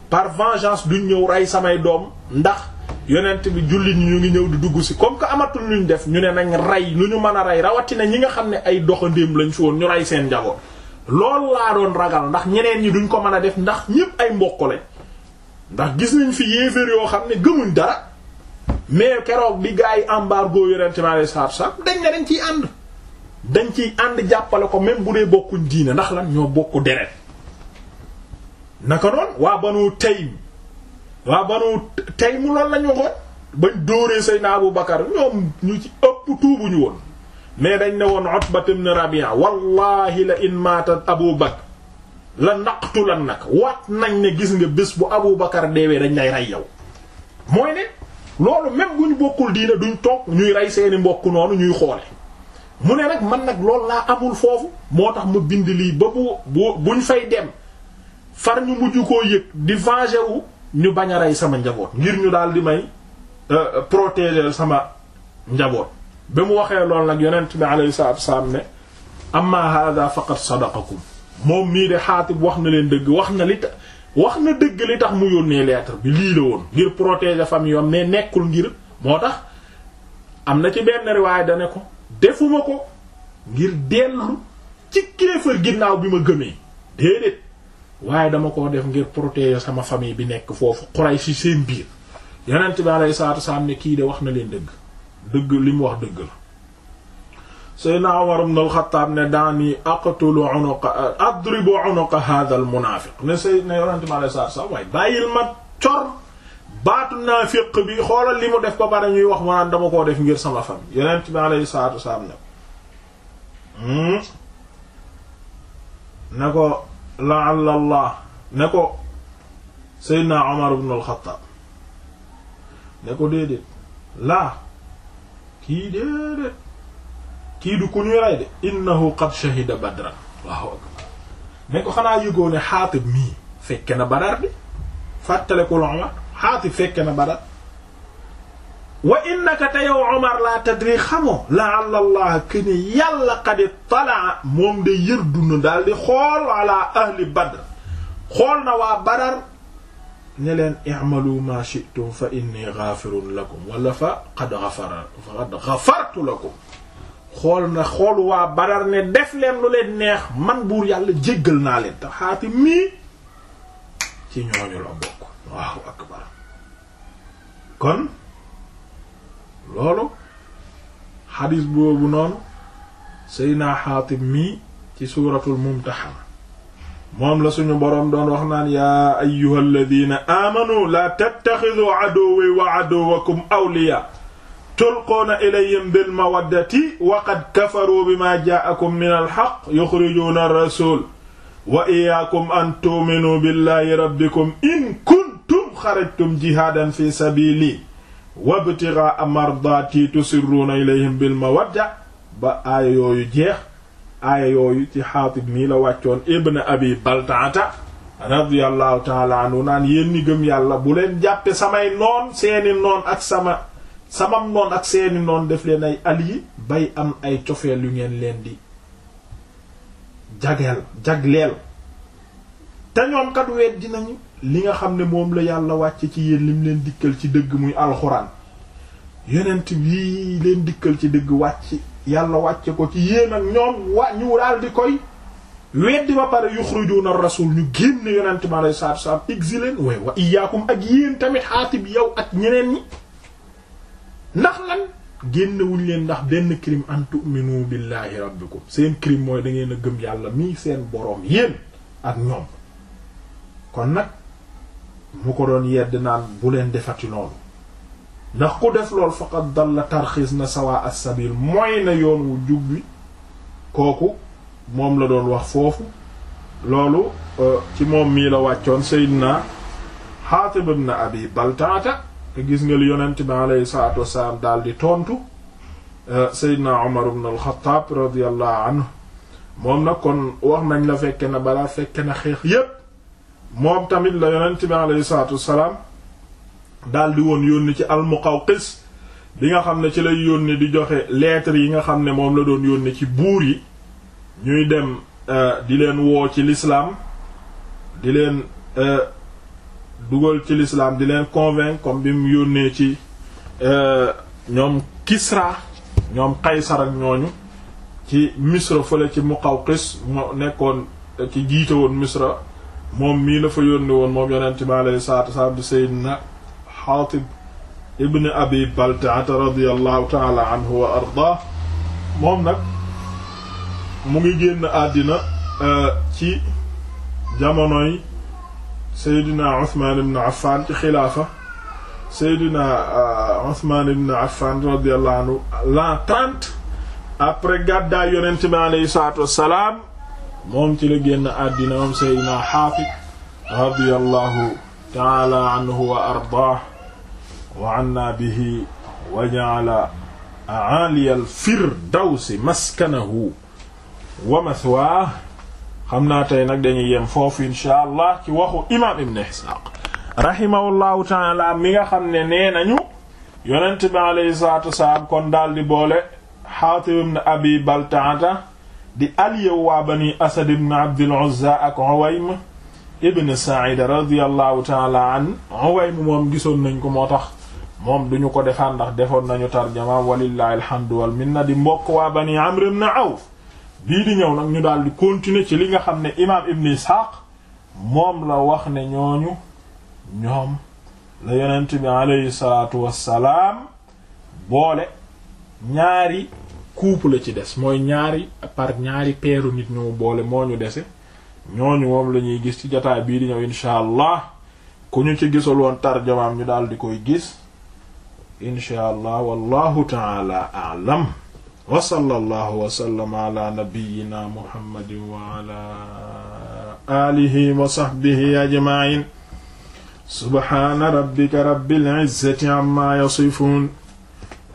par vengeance duñ ñëw rey samay doom ndax yonent bi jullit ñi ñu ngi ñëw di dugg si comme que amatul luñ def ñu ne nañ rey lu ñu mën a rey rawatina ñi nga xam ne ay doxandéem lañ fi woon ñu rey seen njaboot. lool laa doon ragal ndax ñeneen ñi duñ ko mën a def ndax ñépp ay mbokk lañ ndax gis nañ fi yéeféer yoo xam ne gëmuñ dara mais keroog bi gars yi embargo yonent bi alayhi salaatu salaam dañ ne dañ ciy ànd. dañ ciy ànd jàppale ko même bu dee bokkuñ diine ndax lan ñoo bokku deret naka noonu waa banu Taym waa banu Taym loolu la ñu waxoon bañ dóoree Seydina Abu Bakar ñoom ñu ci ëpp tuubuñu woon mais dañ ne woon Utba ibn Rabi'a wallahi la in maata Abu Bakar la naqtu lan nag waat nañ ne gis nga bés bu Abu Bakar deewee dañ lay rey yow mooy ne loolu même bu bokkul diina duñ toog ñuy rey seeni mbokk noonu ñuy xoole mu ne rek man nag loolu laa amul foofu moo tax mu bind lii ba bu bu buñ fay dem far ñu mujj koo yëg di venger wu ñu bañ a rey sama njaboot ngir ñu daal di may euh, protéger sama njaboot ba mu waxee lool nag yonent bi alayhi salaatu wassalaam ne amma hada faqad sadaqakum moom mii de xaatib wax na leen dëgg wax na li tax wax na dëgg li tax mu yónnee lettre bi lii la woon ngir protéger famille yom ne nekkul ngir moo tax am na ci benn riwaay da ko defuma ko ngir dellu ci kéefër ginnaaw bi ma gëmee déedéet waaye dama ko def ngir protéger sama famille bi nekk foofu Quraysh si seen biir yonent bi alayhi salaatu wasalaam ne kii de wax na leen dëgg dëgg li mu wax dëgg la Seydina Umar ibn al-Khattab ne daani aqtulu unuqa adribu unuqa hadha ne say ne yonent bi alayhi salaatu wasalaam waaye baatu naafiq bi xoolal li mu def ba ñuy wax mu dama koo def ngir sama famille yonent bi alayhi salaatu na ko hmm? la'alla allah ne ko Seydina Omar ibn al-Khattab ne ko déedéet laa kii déedéet kii du ku ñuy rey de innahu qad shahida badran Allahu ne ko xanaa yëgoo ne Xaatib mii fekke na Badar bi fàttale ko Omar Xaatib fekke na Badar wa innaka te yow Omar laa tadri xamoo laala allah que ni yàlla xadi talaa moom de yërdu na daal di xool ala ahli badr xool na waa badar ne leen i'malu ma shi'tum fa inni ghafirun lakum wala fa qad ghafara fa qad ghafartu lakum xool na xool waa badar ne def leen lu leen neex man buur yàlla jéggal naa leen te xaati mii ci ñooñu la bokk waaw akbar kon loolu xadis boobu noonu Seydina Xaatib mii ci suuratul Mumtaxana moom la suñu boroom doon wax naan yaa ayyuhal ladiina aamanu laa tattaxidu aduwwi wa aduwwakum awliyaa tulquuna ilayhim bil mawaddati wa qad kafaruu bimaa jaa'akum minal haqq yuxrijuuna ar-rasuula wa iyyaakum an tu'minuu billaahi rabbikum in kuntum xarajtum jihaadan fii sabiilii wabtiraa mardati tusirruuna ilayhim bil mawadda ba aaya yooyu jeex aaya yooyu ci xaatib nii la wàccoon ibn abi baltaata radiyallahu taala anhu naan yéen gëm yàlla bu leen jàppe samay noon seeni noon ak sama samam noon ak seeni noon def leen ay ali bay am ay cofeel yu ngeen leen di jageel jagleel te ñoom kat weet dinañu li nga xam ne moom la yàlla wàcce ci yéen lim leen dikkal ci dëgg muy alxuraan yonent bi leen dikkal ci dëgg wàcc yàlla wàcce ko ci yéen ak ñoom wa ñu daal di koy weddi ba pare yuxrujuuna rasul ñu génn yonent ma lay saab saab exilé way wa iyaakum ak yéen tamit xaatib yow ak ñeneen ñi ndax lan génnewuñ leen ndax benn crime an tu'minu billahi rabbikum seen crime mooy da a gëm yàlla mii seen boroom yéen ak ñoom kon nag mu ko doon yedd naan bu leen defati loolu ndax ku def lool faqat dal tarxiis na sawa as-sabil mooy na yoon wu jub kooku moom la doon wax foofu loolu euh, ci moom mii la wàccoon Seydina Xaatib ibn Abi Baltaata te gis nga li yonent bi alayhi salaatu wasalaam daal di tontu euh, Seydina Umar ibn al-Xattaab anhu moom nag kon wax nañ la fekke na balaa fekke na xeex yépp moom tamit la yonent bi aleyhi salaatu wassalaam daldi woon yónni ci al-Muqawqis bi nga xam ne ci lay yónni di joxe lettres yi nga xam ne moom la doon yónni ci buur yi ñuy dem euh, di leen woo ci lislaam di leen euh, dugal ci lislaam di leen convaincre comme bi mu yónnee ci euh, ñoom Kisra ñoom Qaysar ak ñooñu ci Misra fële ci Muqawqis moo nekkoon ci jiite woon Misra moom mii la fa yónni woon moom yonent bi alayhi salaatu wasalaam di seydina xaatib ibn abi baltaata radiallahu taala anhu wa arda moom nag mu ngi génn àddina euh, ci jamonoy seydina uthman ibn affan ci xilaafa seydina uthman ibn affan radiallahu anhu l'an trente après gàddaay yonent bi alayhi salaatu wasalaam moom ci la génn àddina moom Seydina Xaafid radiyallahu taala anhu wa ardaah wa anna bihi wa ja'ala a'ali al-firdawsi maskanahu wa mathwaah xam naa tey nag dañuy yem allah taala mi nga xam ne nee nañu yonent bi alayhi salaatu wa kon daal di boole Haatib ibn Abi Baltaata di aliyew waa bani asad ibn abdul uzza ak uwaym ibn sa'id radiallahu taala an uwaym moom gisoon nañ ko moo tax moom duñu ko defaan ndax defoon nañu tarjamaam walillahi alhamdu wal minna di mbokk waa bani amr ibn awf bii di ñëw nag ñu daal di continuer ci li nga xam ne imaam ibn isxaaq moom la wax ne ñooñu ñoom la yonent bi alayhi salaatu wassalaam boole ñaari couple ci des mooy ñaari ñaari peeru nit ñu boole moo dese ñooñu moom la ñuy gis ci jotaay bii di allah ku ñu ci gisul woon tarjamaam ñu daal di koy gis incha allah wallahu taala aalam wa sallallahu wa sallama ala nabiyyina muhammadin wa ala alihi wa sahbihi ajma'in subhana rabbika rabbil izzati amma